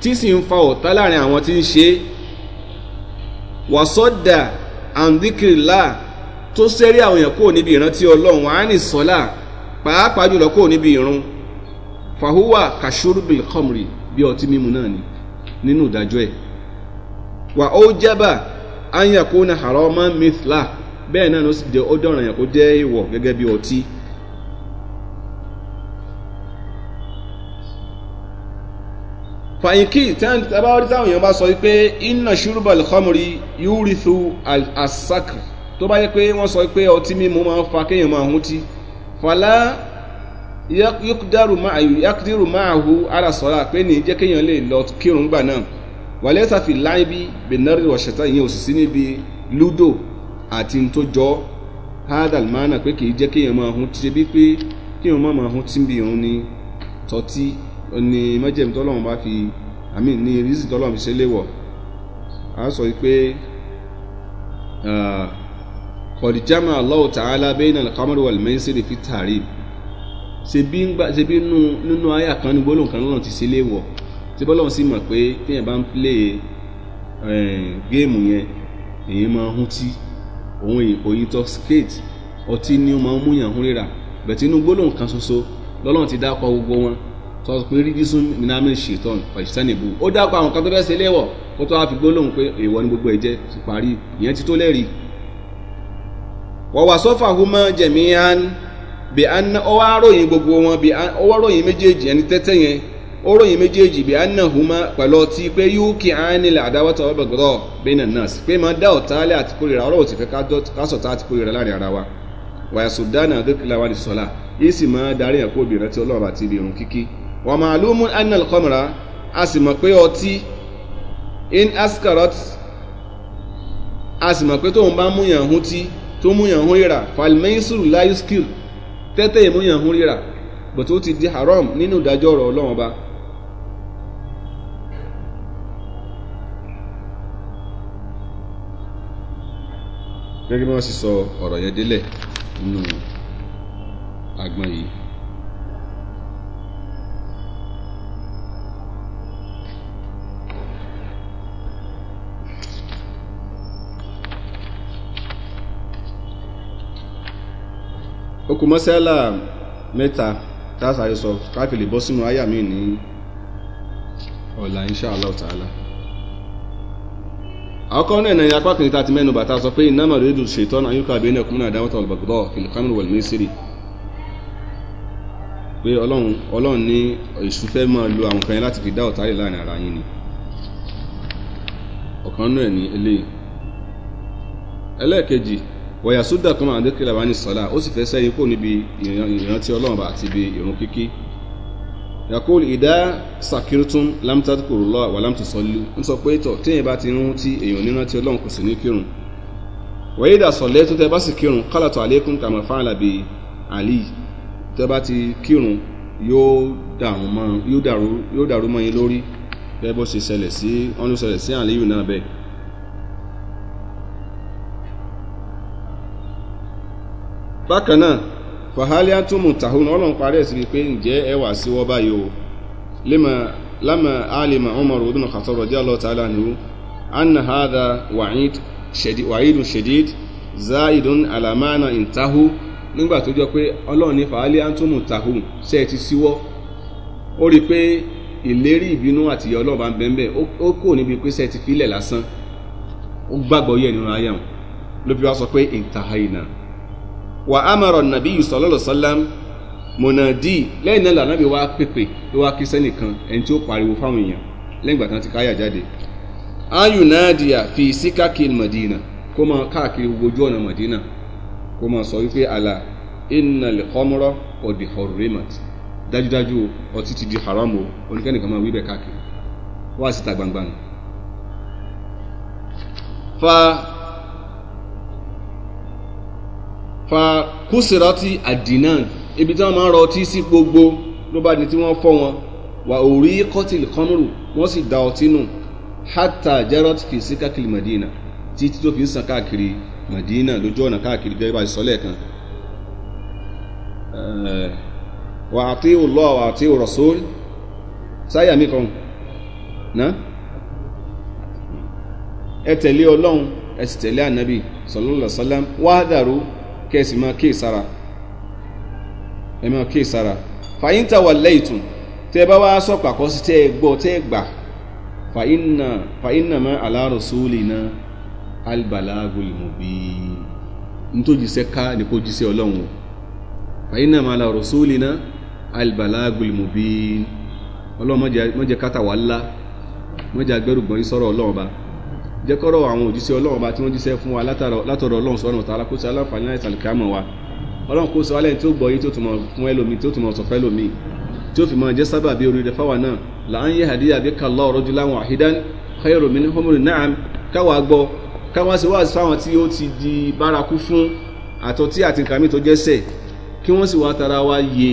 tí sì ń fa ọ̀tá láàrin àwọn tí ń ṣe wàsọ́dà àǹdíkìrìlá tó sẹ́rí àwọn èèyàn kúrò níbi ìrántí ọlọ́run á ní sọ́lá pàápàá jùlọ kúrò níbi ìrun fàhùwà kàṣúrúbì kọ́mùrì bí ọtí mímu náà ni nínú ìdájọ́ ẹ̀ wà ó jábà anyakuna haroma mithla bẹ́ẹ̀ náà ló sì jẹ́ ó dọ̀ràn yẹn kó jẹ́ ìwọ̀ gẹ́gẹ́ bí ọtí. fàyínkì tábàwọ́dí táwọn èèyàn bá sọ wípé iná ṣùrùbọ̀ lẹ́kọ́mùrí yúrìthu àṣàkì tó bá yẹ pé wọ́n sọ pé ọtí mímu máa ń fa kéèyàn máa hun tí fàlà yọkùdárù máa hù àlàsọ́lá pé ní jẹ́ kéèyàn lè lọ kírun gbà náà wàlẹ́ sàfi láìbí benari wàṣẹta ìyẹn òsìsí níbi ludo àti ntòjọ́ hadal mana pé kì í jẹ́ kéèyàn máa hun títí bí pé kéèyàn máa máa hun tíbi òun ni tọ́tí ni májèm tọ́lọ́run bá fi àmì ní rízì tọ́lọ́run fi ṣe léwọ̀ a sọ pé kọ̀dìjámà Allahu ta'ala bayna al-khamri fi tààrí ṣe bí nínú àyà kan ní gbólóhùn lọ́nà ti ṣe léwọ̀ ṣé bọ́lá òun sì mọ̀ pé téèyàn bá ń play eh, géèmù yẹn èyí máa ń húntí òun intoxicate ọtí ni ó máa ń múyàn hún rírà bẹ̀tí inú gbólóhùn kan ṣoṣo lọ́lọ́run ti dápọ̀ gbogbo wọn tó sọ pé rídísún minami ṣètọ́n pàṣítánìbù ó dápọ̀ àwọn kan tó fẹ́ ṣe léwọ̀ kó tó wá fi gbólóhùn pé èèwọ̀ ni gbogbo ẹ̀jẹ̀ ti parí ìyẹn ti tó lẹ́rìí. wàwà sọ́fà humọ́ jẹ̀míyàn bí ó wá ròyìn gbogbo wọn bí ó wá ròyìn méjèèjì ẹni tẹ́tẹ́ yẹn oróyìn méjèèjì bí anahuma pẹ̀lú ọtí pé yúkì ánilẹ̀ àdáwọ́tọ̀ ọ̀bẹ̀gbọ́dọ̀ bẹ́ẹ̀nà nọ́ọ̀sì pé máa dá ọ̀tálẹ̀ àti kórìíra ọlọ́wọ́ ti fẹ́ kásọ̀tá àti kórìíra láàrin ara wa wàyàsó dáná dókìlá wa ní sọ́lá yìí sì máa darí ẹ̀kọ́ obìnrin tí ọlọ́run àti ibi irun kíkí wà máa ló mú anil kọ́mìrà a sì mọ̀ pé ọtí in askarot a sì mọ̀ pé tóun bá múyàn hún tí tó múyàn hún rírà falmẹ́sùrù láyúskìl tẹ́tẹ́ ìmúyàn hún rírà bọ̀tó ti di haram nínú ìdájọ́ ọ̀rọ̀ ọlọ́run ọba gẹ́gẹ́ bí wọ́n sì sọ ọ̀rọ̀ yẹn délẹ̀ nínú agbọn yìí. okumọ́sẹ́là mẹ́ta tá a sáré sọ káfílì bọ́ sínú àyà mi ní ọ̀la insha ta'ala. àkọ́kọ́ náà ẹ̀nà apá kan ìta ti mẹ́nu bàtà sọ pé iná mọ̀ lórí ṣètọ́ náà yóò kàbí ẹ̀nà kúmúnà dáwọ́tà ọ̀lùbàgbọ́ kìlìkámù wọ̀lú mísírì pé ọlọ́run ọlọ́run ní èṣù fẹ́ máa lo àwọn kan yẹn láti fi dá ọ̀tá lè láàrin ara yín ni ọ̀kan náà ní eléyìí ẹlẹ́ẹ̀kejì wọ̀yà sódà kan máa ń dé kílábà ní sọ́lá ó sì fẹ́ sẹ́yìn kó níbi ìrántí ọlọ́run bá àti ibi ìrún kíkí yakul ìdá sakirtun lamtadkurullah wà lamtusallu ń sọ pé tọ̀ téèyàn bá ti rún tí èèyàn nínú tí ọlọ́run kò sì ní kírun wẹ̀yí ìdá sọ̀lẹ́ tó tẹ́ bá sì kírun kálàtọ̀ àlékún kàmá fáàlà àlì tẹ́ bá ti kírun yóò dàrú mọ́ yín lórí bẹ́ẹ̀ bó ṣe ṣẹlẹ̀ sí ọ́nú ṣẹlẹ̀ sí àlíyù náà bẹ́ẹ̀. bákan náà fàhálíà tó mú tàhún ọlọ́run parí ẹ̀ sí wípé ǹjẹ́ ẹ wà sí wọ́n báyìí o lámà alìmà Umar ibn Khattab radiyallahu ta'ala anhu anna hadha wa'idun shadid zaidun ala intahu nígbà tó jọ pé ọlọ́run ní tó ṣe ti ó rí i pé ìlérí ìbínú àti bá ń ó kò níbi pé wà ámàrọ̀ nàbí sallallahu alaihi wasallam mọ̀nàdí lẹ́yìn náà lànà bí wàá pèpè ló wàá kí sẹ́nìkan ẹni tí ó pariwo fáwọn èèyàn lẹ́yìn ìgbà tán ti káyà jáde. ayùn náà dìyà fi síkàkiri mọ̀dínà kó máa káàkiri ojú ọ̀nà mọ̀dínà kó máa sọ wípé àlà innal khamra qad hurrimat dájúdájú ọtí ti di haram o oníkẹ́nìkan máa wí bẹ́ẹ̀ káàkiri wá síta gbangba nù. fa fa kùsìrọ́tì àdínàn ibi tí wọ́n máa ń rọtí sí gbogbo ló bá di tí wọ́n fọ́ wọn wà òrí kọ́tìlì kọ́mùrù wọ́n sì da ọtí nù hátà jarot fi sí káàkiri madina títí tó fi ń san káàkiri madina lójú ọ̀nà káàkiri gẹ́gẹ́ bá ti sọ lẹ́ẹ̀kan wà á tí ò wà á tí ò sáyà mi kan ná ẹ tẹ̀lé ọlọ́run ẹ sì tẹ̀lé ànábì sallallahu alaihi wàá dàrú kẹ́sì máa kíì sára ẹ máa kíì sára fàyíntà wà lẹ́yìntùn tẹ́ bá wá sọ pàkọ́ sí tẹ́ gbọ́ tẹ́ gbà fàyínà fàyínà mọ́ aláàrọ̀ sóòlì náà albalagul mubin nítòjíṣẹ́ ká ní kó jíṣẹ́ ọlọ́run o fàyínà mọ́ aláàrọ̀ sóòlì náà albalagul mubin ọlọ́run mọ́jẹ kátà wà ńlá mọ́jẹ agbẹ́rùgbọ́n yín sọ̀rọ̀ ọlọ́run ba jẹ́kọ́rọ̀ àwọn òjíṣẹ́ ọlọ́run bá tí wọ́n jíṣẹ́ fún wa látọ̀rọ̀ ọlọ́run sọ̀rọ̀ tààrà kó ṣe aláǹfààní láti àlùkámọ̀ wa ọlọ́run kó ṣe wálẹ̀ tí ó gbọ́ yìí tó tún mọ̀ fún ẹlòmíì tó tún mọ̀ sọ fẹ́lòmíì tí ó fi mọ̀ jẹ́ sábà bí oríire fáwa náà là ń yẹ hadiya bí kàlọ́ ọ̀rọ̀ jù láwọn àhídán khairu min humri na'am káwa gbọ́ káwa sì wáàsí fáwọn tí ó ti di bárakú fún àtọ̀tí àti nǹkan mi tó jẹ́sẹ̀ kí wọ́n sì wá tara wa yè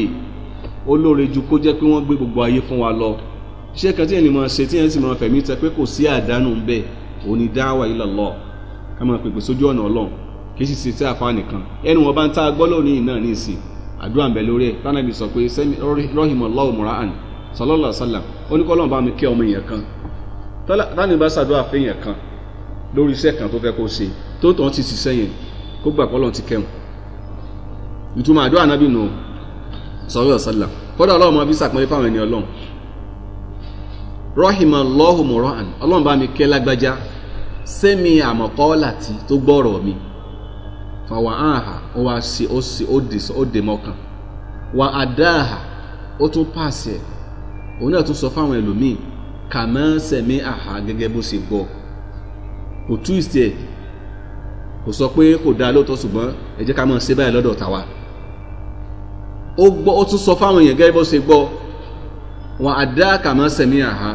olóore ju kó jẹ́ pé wọ́n gbé gbogbo ayé fún wa lọ ṣé kan tí ènìyàn ṣe tí ènìyàn sì mọ̀ fẹ̀mí tẹ pé kò òun ni dáwà lọ ká máa pèpè sójú ọ̀nà ọlọ́run kì í sì ṣe tí àfa nìkan ẹnu wọn bá ń ta gbọ́ lónìí náà ní ìsìn àdúrà ń sọ pé mura'an sallallahu sallam ó ní kọ́lọ́n bá mi kí ọmọ yẹn kan tánàbí bá ṣàdúrà kan lórí iṣẹ́ kan tó fẹ́ kó ṣe tó tàn ti ṣiṣẹ́ yẹn kó gbà ti ìtumọ̀ àdúrà nábì nù ọlọ́run máa fi fáwọn ẹni ọlọ́run sẹ́mi àmọ̀kọ́ láti tó gbọ́rọ̀ mi fàwọn àhà ó wá sí ó sí ó dè ó dè mọ́kàn wà á dáhà ó tún pàṣẹ òun náà tún sọ fáwọn ẹlòmíì kàmá sẹ̀mí àhà gẹ́gẹ́ bó ṣe gbọ́ kò tú ìsẹ̀ kò sọ pé kò dáa lóòótọ́ ṣùgbọ́n ẹ jẹ́ ká máa ṣe báyìí lọ́dọ̀ tàwa ó gbọ́ ó tún sọ fáwọn èèyàn gẹ́gẹ́ bó ṣe gbọ́ wà á dá kàmá sẹ̀mí àhà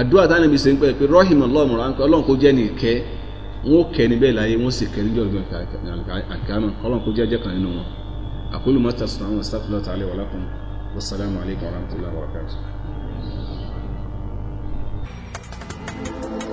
àdúrà táwọn ibi ṣe ń pẹ́ pé rọ́hìm ọlọ́run rà ń pẹ́ ọlọ́run kó jẹ́ ní ìkẹ́ wọn ó kẹ́ níbẹ̀ láyé wọn sì kẹ́ níjọ́ ìgbà àkàmọ́ ọlọ́run kó jẹ́ jẹ́ kan nínú wọn. àkólú mọ́tà sọ̀rọ̀ àwọn sáfìlọ́ tààlẹ́ wà lápọn wasalaamu wa rahmatulahi wa barakatuh.